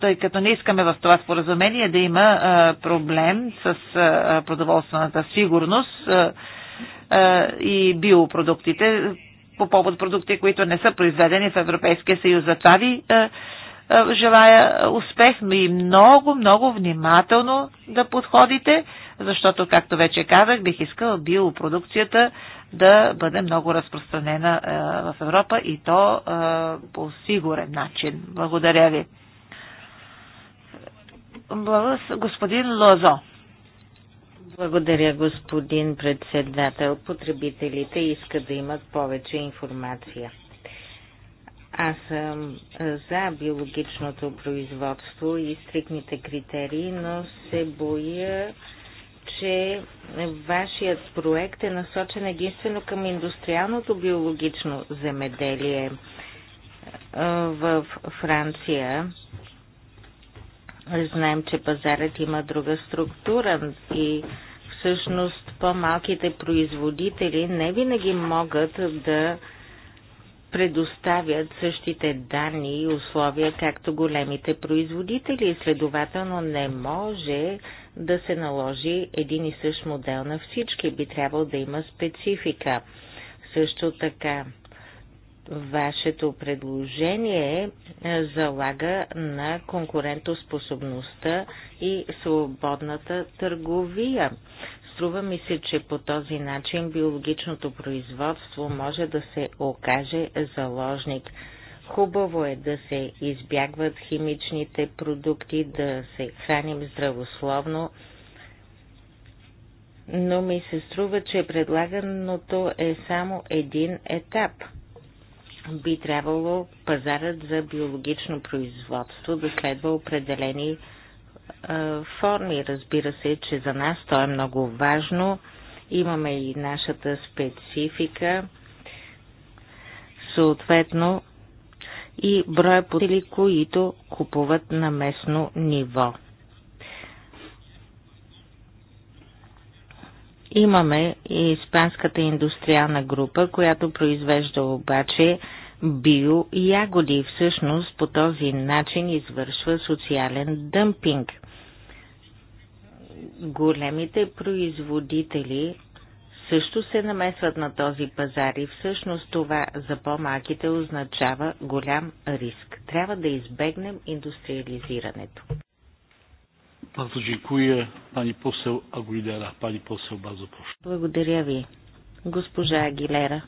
тъй като не искаме в това споразумение да има е, проблем с е, продоволствената сигурност и биопродуктите по повод продукти, които не са произведени в Европейския съюз. За това ви желая успех и много, много внимателно да подходите, защото, както вече казах, бих искала биопродукцията да бъде много разпространена е, в Европа и то е, по сигурен начин. Благодаря ви. Благодаря, господин Лозо. Благодаря, господин председател. Потребителите искат да имат повече информация. Аз съм за биологичното производство и стрикните критерии, но се боя, че вашият проект е насочен единствено към индустриалното биологично земеделие в Франция. Знаем, че пазарът има друга структура и всъщност по-малките производители не винаги могат да предоставят същите данни и условия, както големите производители. Следователно не може да се наложи един и същ модел на всички. Би трябвало да има специфика. Също така, вашето предложение е, е, залага на конкурентоспособността и свободната търговия. Струва ми се, че по този начин биологичното производство може да се окаже заложник Хубаво е да се избягват химичните продукти, да се храним здравословно, но ми се струва, че предлаганото е само един етап. Би трябвало пазарът за биологично производство да следва определени е, форми. Разбира се, че за нас то е много важно. Имаме и нашата специфика. Съответно, и броя потели, които купуват на местно ниво. Имаме и Испанската индустриална група, която произвежда обаче био ягоди и всъщност по този начин извършва социален дъмпинг. Големите производители също се намесват на този пазар и всъщност това за по-малките означава голям риск. Трябва да избегнем индустриализирането. Благодаря ви, госпожа Агилера.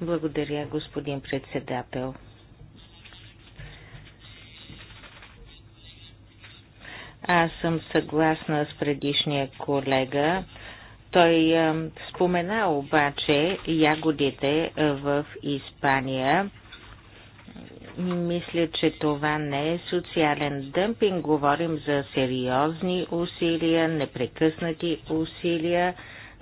Благодаря, господин председател. Аз съм съгласна с предишния колега. Той спомена обаче ягодите в Испания. Мисля, че това не е социален дъмпинг. Говорим за сериозни усилия, непрекъснати усилия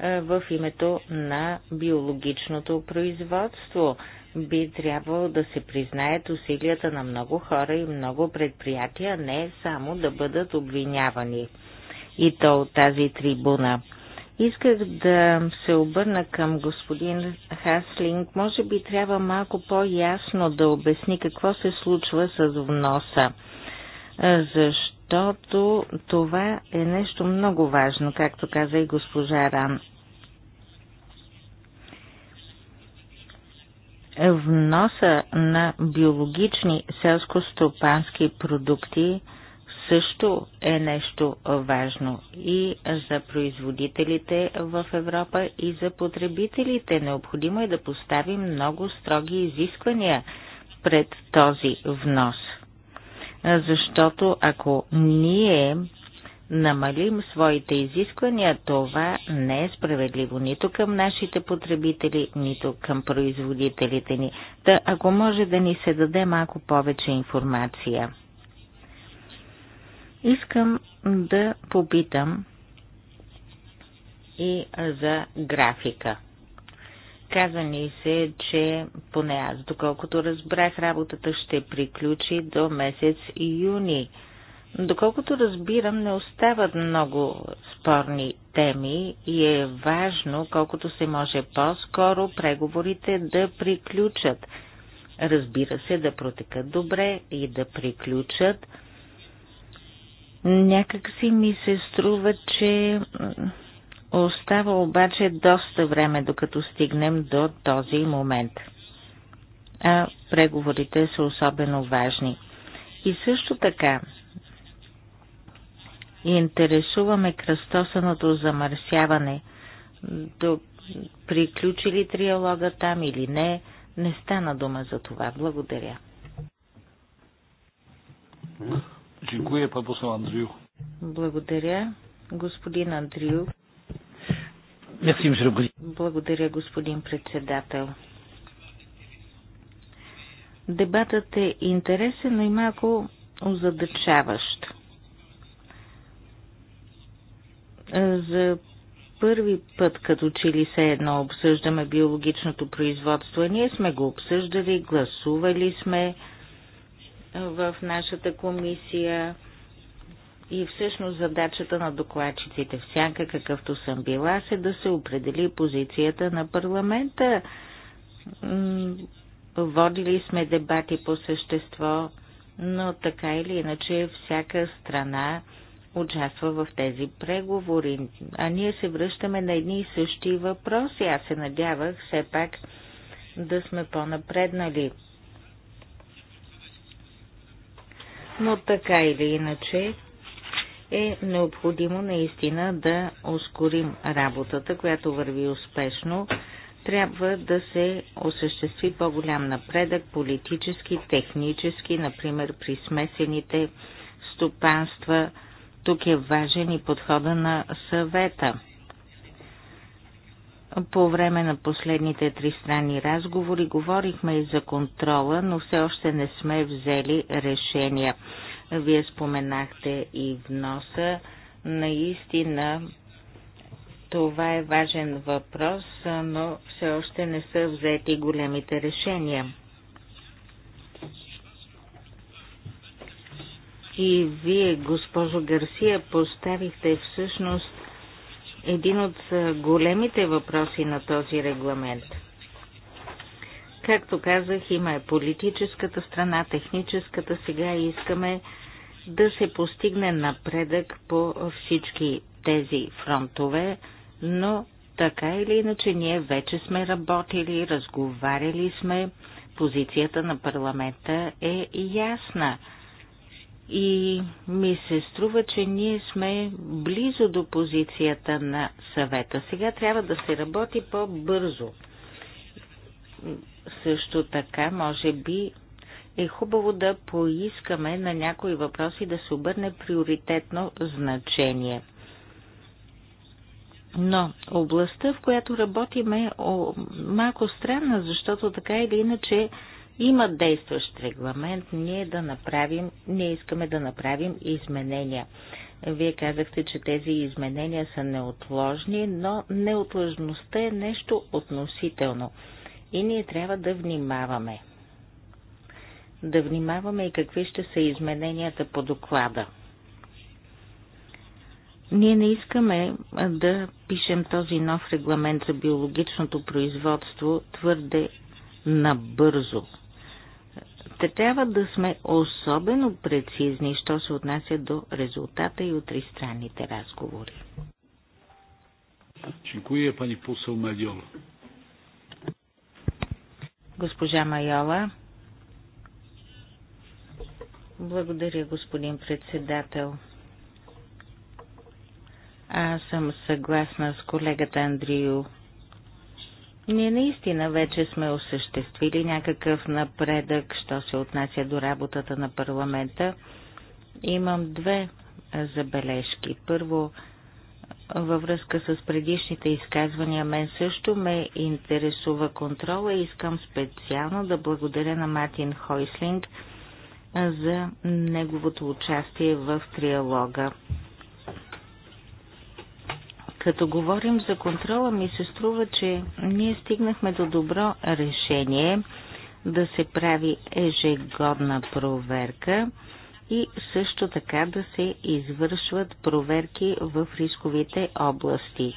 в името на биологичното производство би трябвало да се признаят усилията на много хора и много предприятия, не само да бъдат обвинявани. И то от тази трибуна. Исках да се обърна към господин Хаслинг. Може би трябва малко по-ясно да обясни какво се случва с вноса. Защото това е нещо много важно, както каза и госпожа Ран Вноса на биологични селско-стопански продукти също е нещо важно и за производителите в Европа и за потребителите. Необходимо е да поставим много строги изисквания пред този внос. Защото ако ние намалим своите изисквания, това не е справедливо нито към нашите потребители, нито към производителите ни. Та ако може да ни се даде малко повече информация. Искам да попитам и за графика. Каза ни се, че поне аз, доколкото разбрах, работата ще приключи до месец юни. Доколкото разбирам, не остават много спорни теми и е важно, колкото се може по-скоро, преговорите да приключат. Разбира се, да протекат добре и да приключат. Някак си ми се струва, че остава обаче доста време, докато стигнем до този момент. А преговорите са особено важни. И също така, интересуваме кръстосаното замърсяване. До... Приключи ли триалога там или не, не стана дума за това. Благодаря. Дякую, пан Андрю. Благодаря, господин Андрю. Благодаря, господин председател. Дебатът е интересен, но и малко озадачаващ. Е, за първи път, като че ли се едно обсъждаме биологичното производство, ние сме го обсъждали, гласували сме в нашата комисия и всъщност задачата на докладчиците, всяка какъвто съм била, се да се определи позицията на парламента. Водили сме дебати по същество, но така или иначе всяка страна участва в тези преговори. А ние се връщаме на едни и същи въпроси. Аз се надявах все пак да сме по-напреднали. Но така или иначе е необходимо наистина да ускорим работата, която върви успешно. Трябва да се осъществи по-голям напредък политически, технически, например при смесените стопанства – тук е важен и подхода на съвета. По време на последните три страни разговори говорихме и за контрола, но все още не сме взели решения. Вие споменахте и вноса. Наистина това е важен въпрос, но все още не са взети големите решения. и вие, госпожо Гарсия, поставихте всъщност един от големите въпроси на този регламент. Както казах, има е политическата страна, техническата. Сега искаме да се постигне напредък по всички тези фронтове, но така или иначе ние вече сме работили, разговаряли сме, позицията на парламента е ясна и ми се струва, че ние сме близо до позицията на съвета. Сега трябва да се работи по-бързо. Също така, може би е хубаво да поискаме на някои въпроси да се обърне приоритетно значение. Но областта, в която работим е малко странна, защото така или иначе има действащ регламент, ние да направим, ние искаме да направим изменения. Вие казахте, че тези изменения са неотложни, но неотложността е нещо относително. И ние трябва да внимаваме. Да внимаваме и какви ще са измененията по доклада. Ние не искаме да пишем този нов регламент за биологичното производство твърде набързо. Трябва да сме особено прецизни, що се отнася до резултата и от тристранните разговори. Dziękuję пани poseł Майола. Госпожа Майола. Благодаря, господин председател. Аз съм съгласна с колегата Андрио ние наистина вече сме осъществили някакъв напредък, що се отнася до работата на парламента. Имам две забележки. Първо, във връзка с предишните изказвания, мен също ме интересува контрола и искам специално да благодаря на Мартин Хойслинг за неговото участие в триалога. Като говорим за контрола, ми се струва, че ние стигнахме до добро решение да се прави ежегодна проверка и също така да се извършват проверки в рисковите области.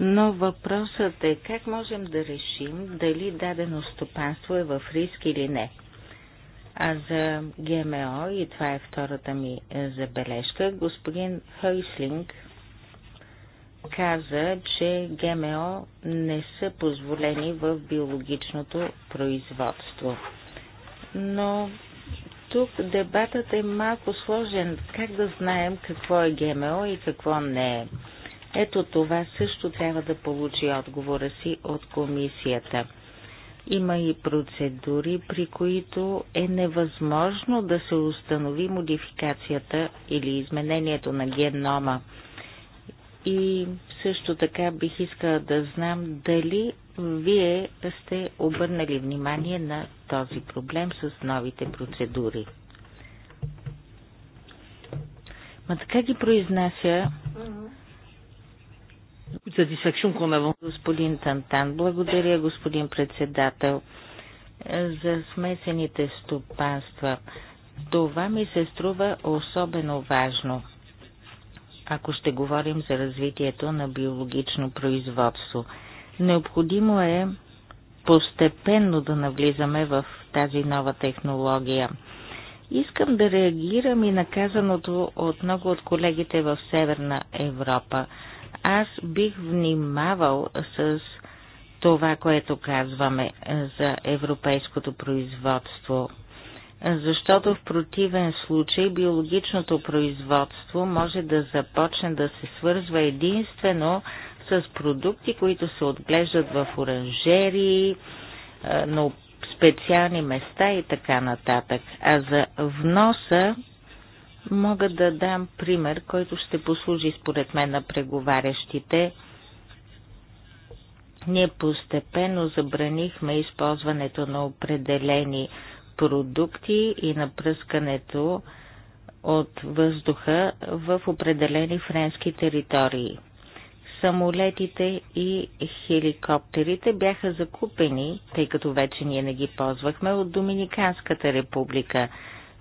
Но въпросът е как можем да решим дали дадено стопанство е в риск или не. А за ГМО, и това е втората ми забележка, господин Хойслинг каза, че ГМО не са позволени в биологичното производство. Но тук дебатът е малко сложен. Как да знаем какво е ГМО и какво не е? Ето това също трябва да получи отговора си от комисията. Има и процедури, при които е невъзможно да се установи модификацията или изменението на генома. И също така бих искала да знам дали вие сте обърнали внимание на този проблем с новите процедури. Ма така ги произнася господин Тантан. Благодаря, господин председател, за смесените стопанства. Това ми се струва особено важно ако ще говорим за развитието на биологично производство. Необходимо е постепенно да навлизаме в тази нова технология. Искам да реагирам и на казаното от много от колегите в Северна Европа. Аз бих внимавал с това, което казваме за европейското производство – защото в противен случай биологичното производство може да започне да се свързва единствено с продукти, които се отглеждат в оранжери, е, на специални места и така нататък. А за вноса мога да дам пример, който ще послужи според мен на преговарящите. Ние постепенно забранихме използването на определени продукти и на пръскането от въздуха в определени френски територии. Самолетите и хеликоптерите бяха закупени, тъй като вече ние не ги ползвахме, от Доминиканската република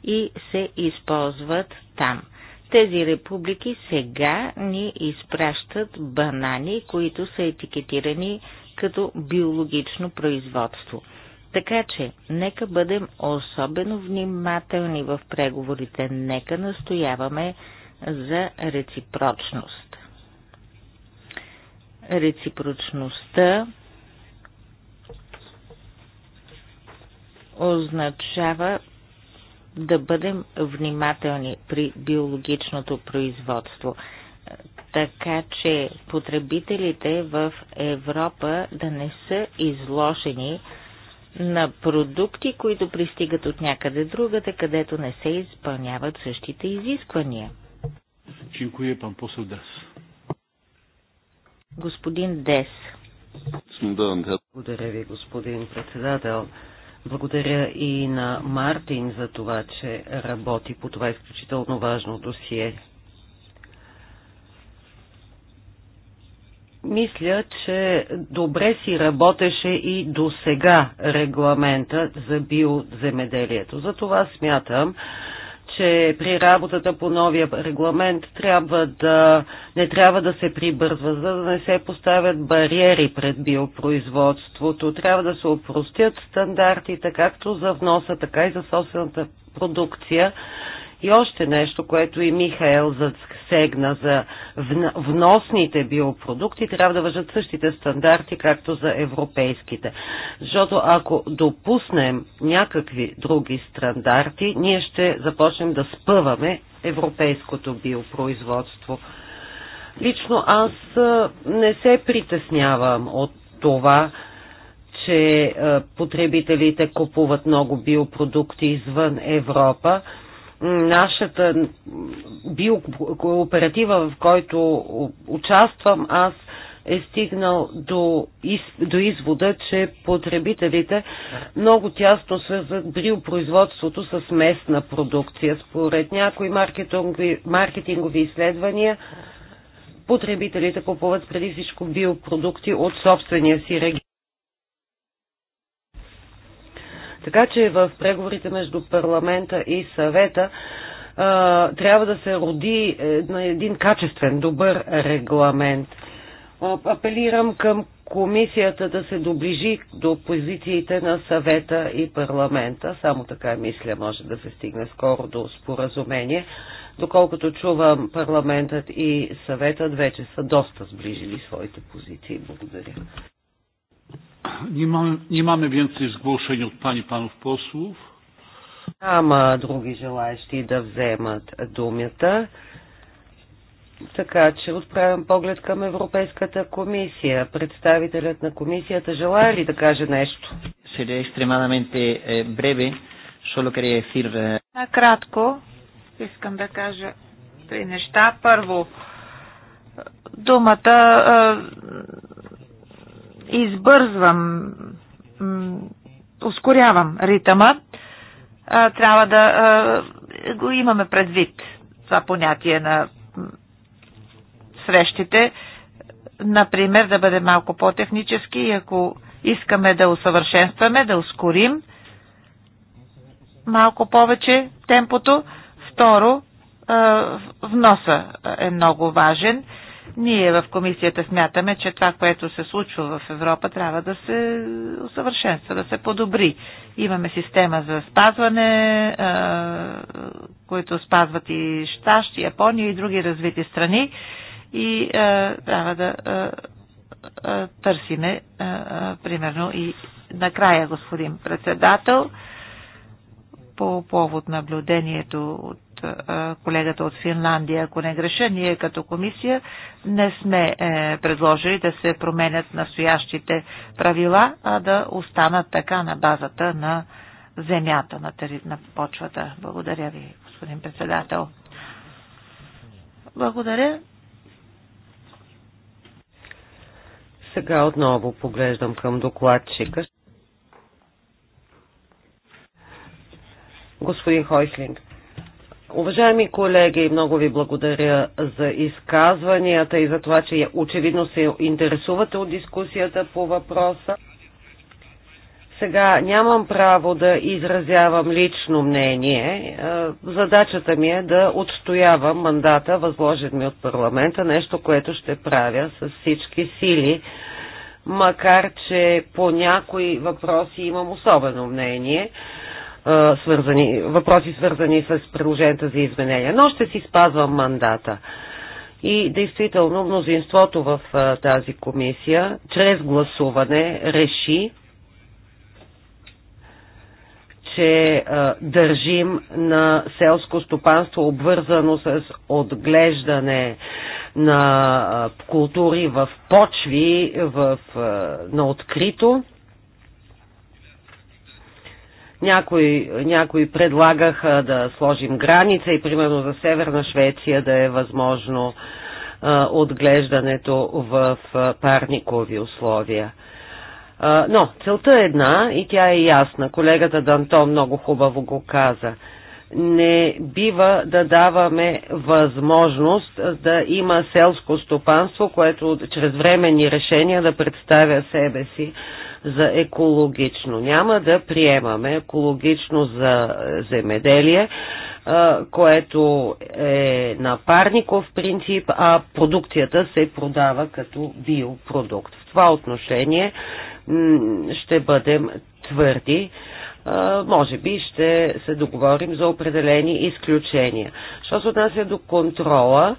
и се използват там. Тези републики сега ни изпращат банани, които са етикетирани като биологично производство – така че, нека бъдем особено внимателни в преговорите, нека настояваме за реципрочност. Реципрочността означава да бъдем внимателни при биологичното производство, така че потребителите в Европа да не са изложени на продукти, които пристигат от някъде другата, където не се изпълняват същите изисквания. Чинкуе пан посъл Дес. Господин Дес. Благодаря ви, господин председател. Благодаря и на Мартин за това, че работи по това изключително важно досие. Мисля, че добре си работеше и до сега регламента за биоземеделието. Затова смятам, че при работата по новия регламент трябва да, не трябва да се прибързва, за да не се поставят бариери пред биопроизводството. Трябва да се опростят стандартите както за вноса, така и за собствената продукция, и още нещо, което и Михаел засегна за вносните биопродукти, трябва да въжат същите стандарти, както за европейските. Защото ако допуснем някакви други стандарти, ние ще започнем да спъваме европейското биопроизводство. Лично аз не се притеснявам от това, че потребителите купуват много биопродукти извън Европа, нашата биокооператива, в който участвам аз, е стигнал до, из, до извода, че потребителите много тясно свързват биопроизводството с местна продукция. Според някои маркетингови, маркетингови изследвания, потребителите купуват преди всичко биопродукти от собствения си регион. Така че в преговорите между парламента и съвета трябва да се роди е, на един качествен, добър регламент. Апелирам към комисията да се доближи до позициите на съвета и парламента. Само така мисля, може да се стигне скоро до споразумение. Доколкото чувам, парламентът и съветът вече са доста сближили своите позиции. Благодаря. Nie mamy, nie mamy więcej zgłoszeń od pani panów posłów. Няма други желаящи да вземат думата. Така че отправям поглед към Европейската комисия. Представителят на комисията желая ли да каже нещо? Сере екстремадаменте бреве. Соло quería decir... Eh, Накратко искам да кажа три неща. Първо, думата избързвам, ускорявам ритъма, трябва да го имаме предвид това понятие на срещите. Например, да бъде малко по-технически и ако искаме да усъвършенстваме, да ускорим малко повече темпото. Второ, вноса е много важен ние в комисията смятаме, че това, което се случва в Европа, трябва да се усъвършенства, да се подобри. Имаме система за спазване, които спазват и Штащ, и Япония и други развити страни и трябва да търсиме, примерно, и накрая, господин председател, по повод наблюдението от колегата от Финландия, ако не греша, ние като комисия не сме е, предложили да се променят настоящите правила, а да останат така на базата на земята, на, тери, на почвата. Благодаря ви, господин председател. Благодаря. Сега отново поглеждам към докладчика. господин Хойслинг. Уважаеми колеги, много ви благодаря за изказванията и за това, че очевидно се интересувате от дискусията по въпроса. Сега нямам право да изразявам лично мнение. Е, задачата ми е да отстоявам мандата, възложен ми от парламента, нещо, което ще правя с всички сили, макар че по някои въпроси имам особено мнение – свързани, въпроси свързани с предложенията за изменения. Но ще си спазвам мандата. И действително мнозинството в тази комисия, чрез гласуване, реши, че държим на селско стопанство, обвързано с отглеждане на култури в почви, в, на открито някои, някои предлагаха да сложим граница и примерно за Северна Швеция да е възможно а, отглеждането в а, парникови условия. А, но целта е една и тя е ясна. Колегата Дантон много хубаво го каза не бива да даваме възможност да има селско стопанство, което чрез временни решения да представя себе си за екологично. Няма да приемаме екологично за земеделие, което е на парников принцип, а продукцията се продава като биопродукт. В това отношение ще бъдем твърди може би ще се договорим за определени изключения. Що се отнася до контрола,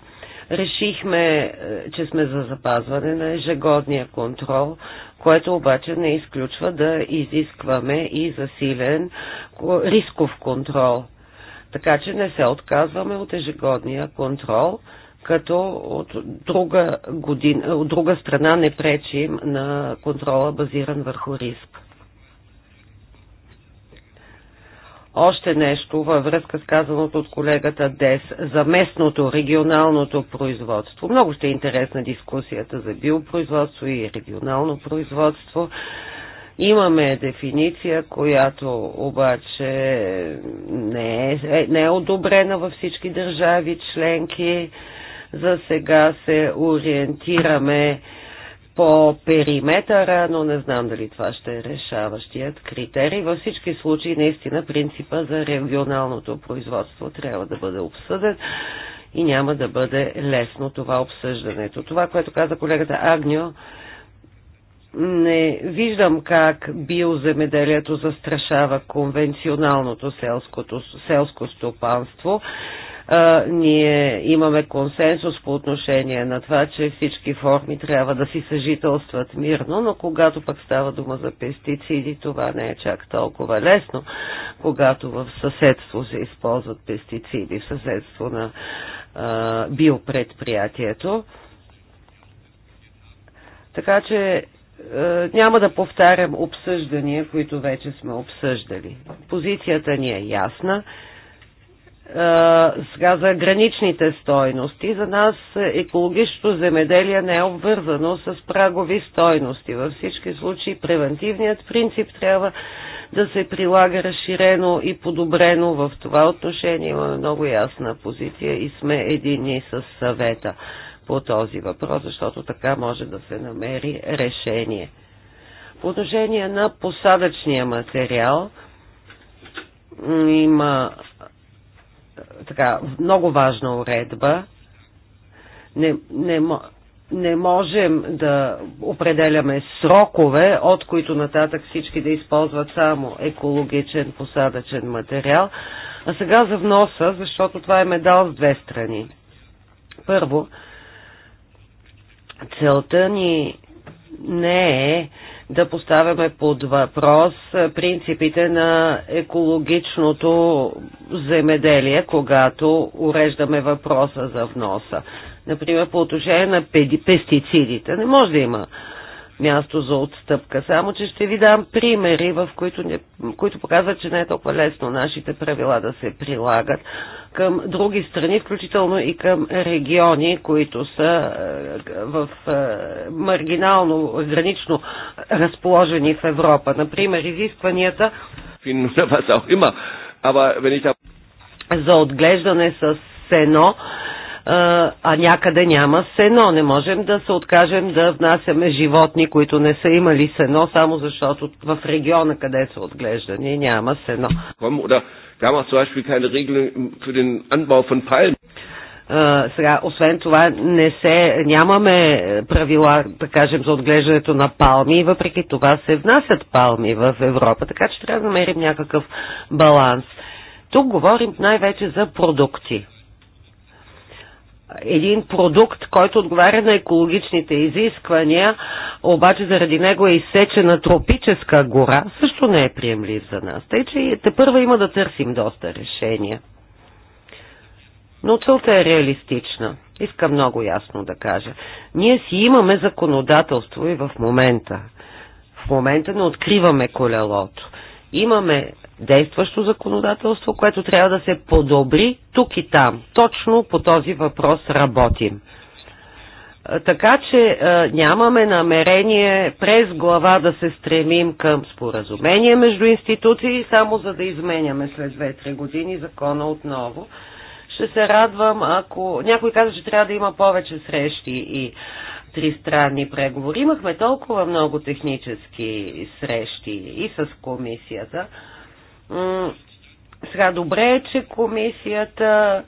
решихме, е, че сме за запазване на ежегодния контрол, което обаче не изключва да изискваме и засилен рисков контрол. Така че не се отказваме от ежегодния контрол, като от друга, година, от друга страна не пречим на контрола базиран върху риск. Още нещо във връзка с казаното от колегата Дес за местното, регионалното производство. Много ще е интересна дискусията за биопроизводство и регионално производство. Имаме дефиниция, която обаче не е, е не е одобрена във всички държави членки. За сега се ориентираме по периметъра, но не знам дали това ще е решаващият критерий. Във всички случаи наистина принципа за регионалното производство трябва да бъде обсъден и няма да бъде лесно това обсъждането. Това, което каза колегата Агньо, не виждам как биоземеделието застрашава конвенционалното селското, селско стопанство а, ние имаме консенсус по отношение на това, че всички форми трябва да си съжителстват мирно, но когато пък става дума за пестициди, това не е чак толкова лесно, когато в съседство се използват пестициди, в съседство на а, биопредприятието. Така че е, няма да повтарям обсъждания, които вече сме обсъждали. Позицията ни е ясна сега за граничните стойности. За нас екологичното земеделие не е обвързано с прагови стойности. Във всички случаи превентивният принцип трябва да се прилага разширено и подобрено. В това отношение имаме много ясна позиция и сме едини с съвета по този въпрос, защото така може да се намери решение. По отношение на посадъчния материал, има така, много важна уредба. Не, не, не можем да определяме срокове, от които нататък всички да използват само екологичен посадъчен материал. А сега за вноса, защото това е медал с две страни. Първо, целта ни не е да поставяме под въпрос принципите на екологичното земеделие, когато уреждаме въпроса за вноса. Например, по отношение на пестицидите. Не може да има място за отстъпка. Само, че ще ви дам примери, в които, не, които показват, че не е толкова лесно нашите правила да се прилагат към други страни, включително и към региони, които са е, в е, маргинално, гранично разположени в Европа. Например, изискванията за отглеждане с сено а някъде няма сено. Не можем да се откажем да внасяме животни, които не са имали сено, само защото в региона, къде са отглеждани, няма сено. Сега, освен това, не се, нямаме правила, да кажем, за отглеждането на палми и въпреки това се внасят палми в Европа, така че трябва да намерим някакъв баланс. Тук говорим най-вече за продукти един продукт, който отговаря на екологичните изисквания, обаче заради него е изсечена тропическа гора, също не е приемлив за нас. Тъй, че те първа има да търсим доста решения. Но целта е реалистична. Искам много ясно да кажа. Ние си имаме законодателство и в момента. В момента не откриваме колелото. Имаме действащо законодателство, което трябва да се подобри тук и там. Точно по този въпрос работим. Така че нямаме намерение през глава да се стремим към споразумение между институции, само за да изменяме след 2-3 години закона отново. Ще се радвам, ако някой каза, че трябва да има повече срещи и тристранни преговори. Имахме толкова много технически срещи и с комисията. Сега добре е, че комисията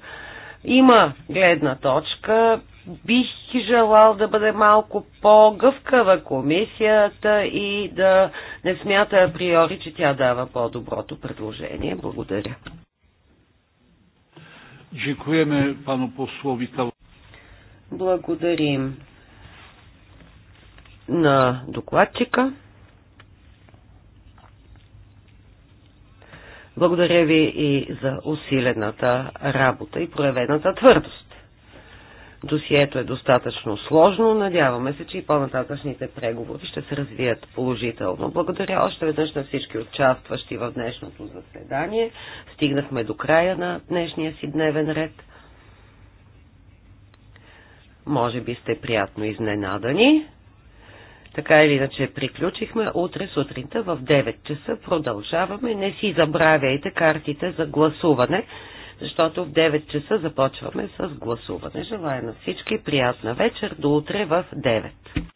има гледна точка. Бих желал да бъде малко по-гъвкава комисията и да не смята априори, че тя дава по-доброто предложение. Благодаря. Благодарим на докладчика. Благодаря ви и за усилената работа и проявената твърдост. Досието е достатъчно сложно. Надяваме се, че и по-нататъчните преговори ще се развият положително. Благодаря още веднъж на всички участващи в днешното заседание. Стигнахме до края на днешния си дневен ред. Може би сте приятно изненадани така или иначе приключихме. Утре сутринта в 9 часа продължаваме. Не си забравяйте картите за гласуване, защото в 9 часа започваме с гласуване. Желая на всички приятна вечер. До утре в 9.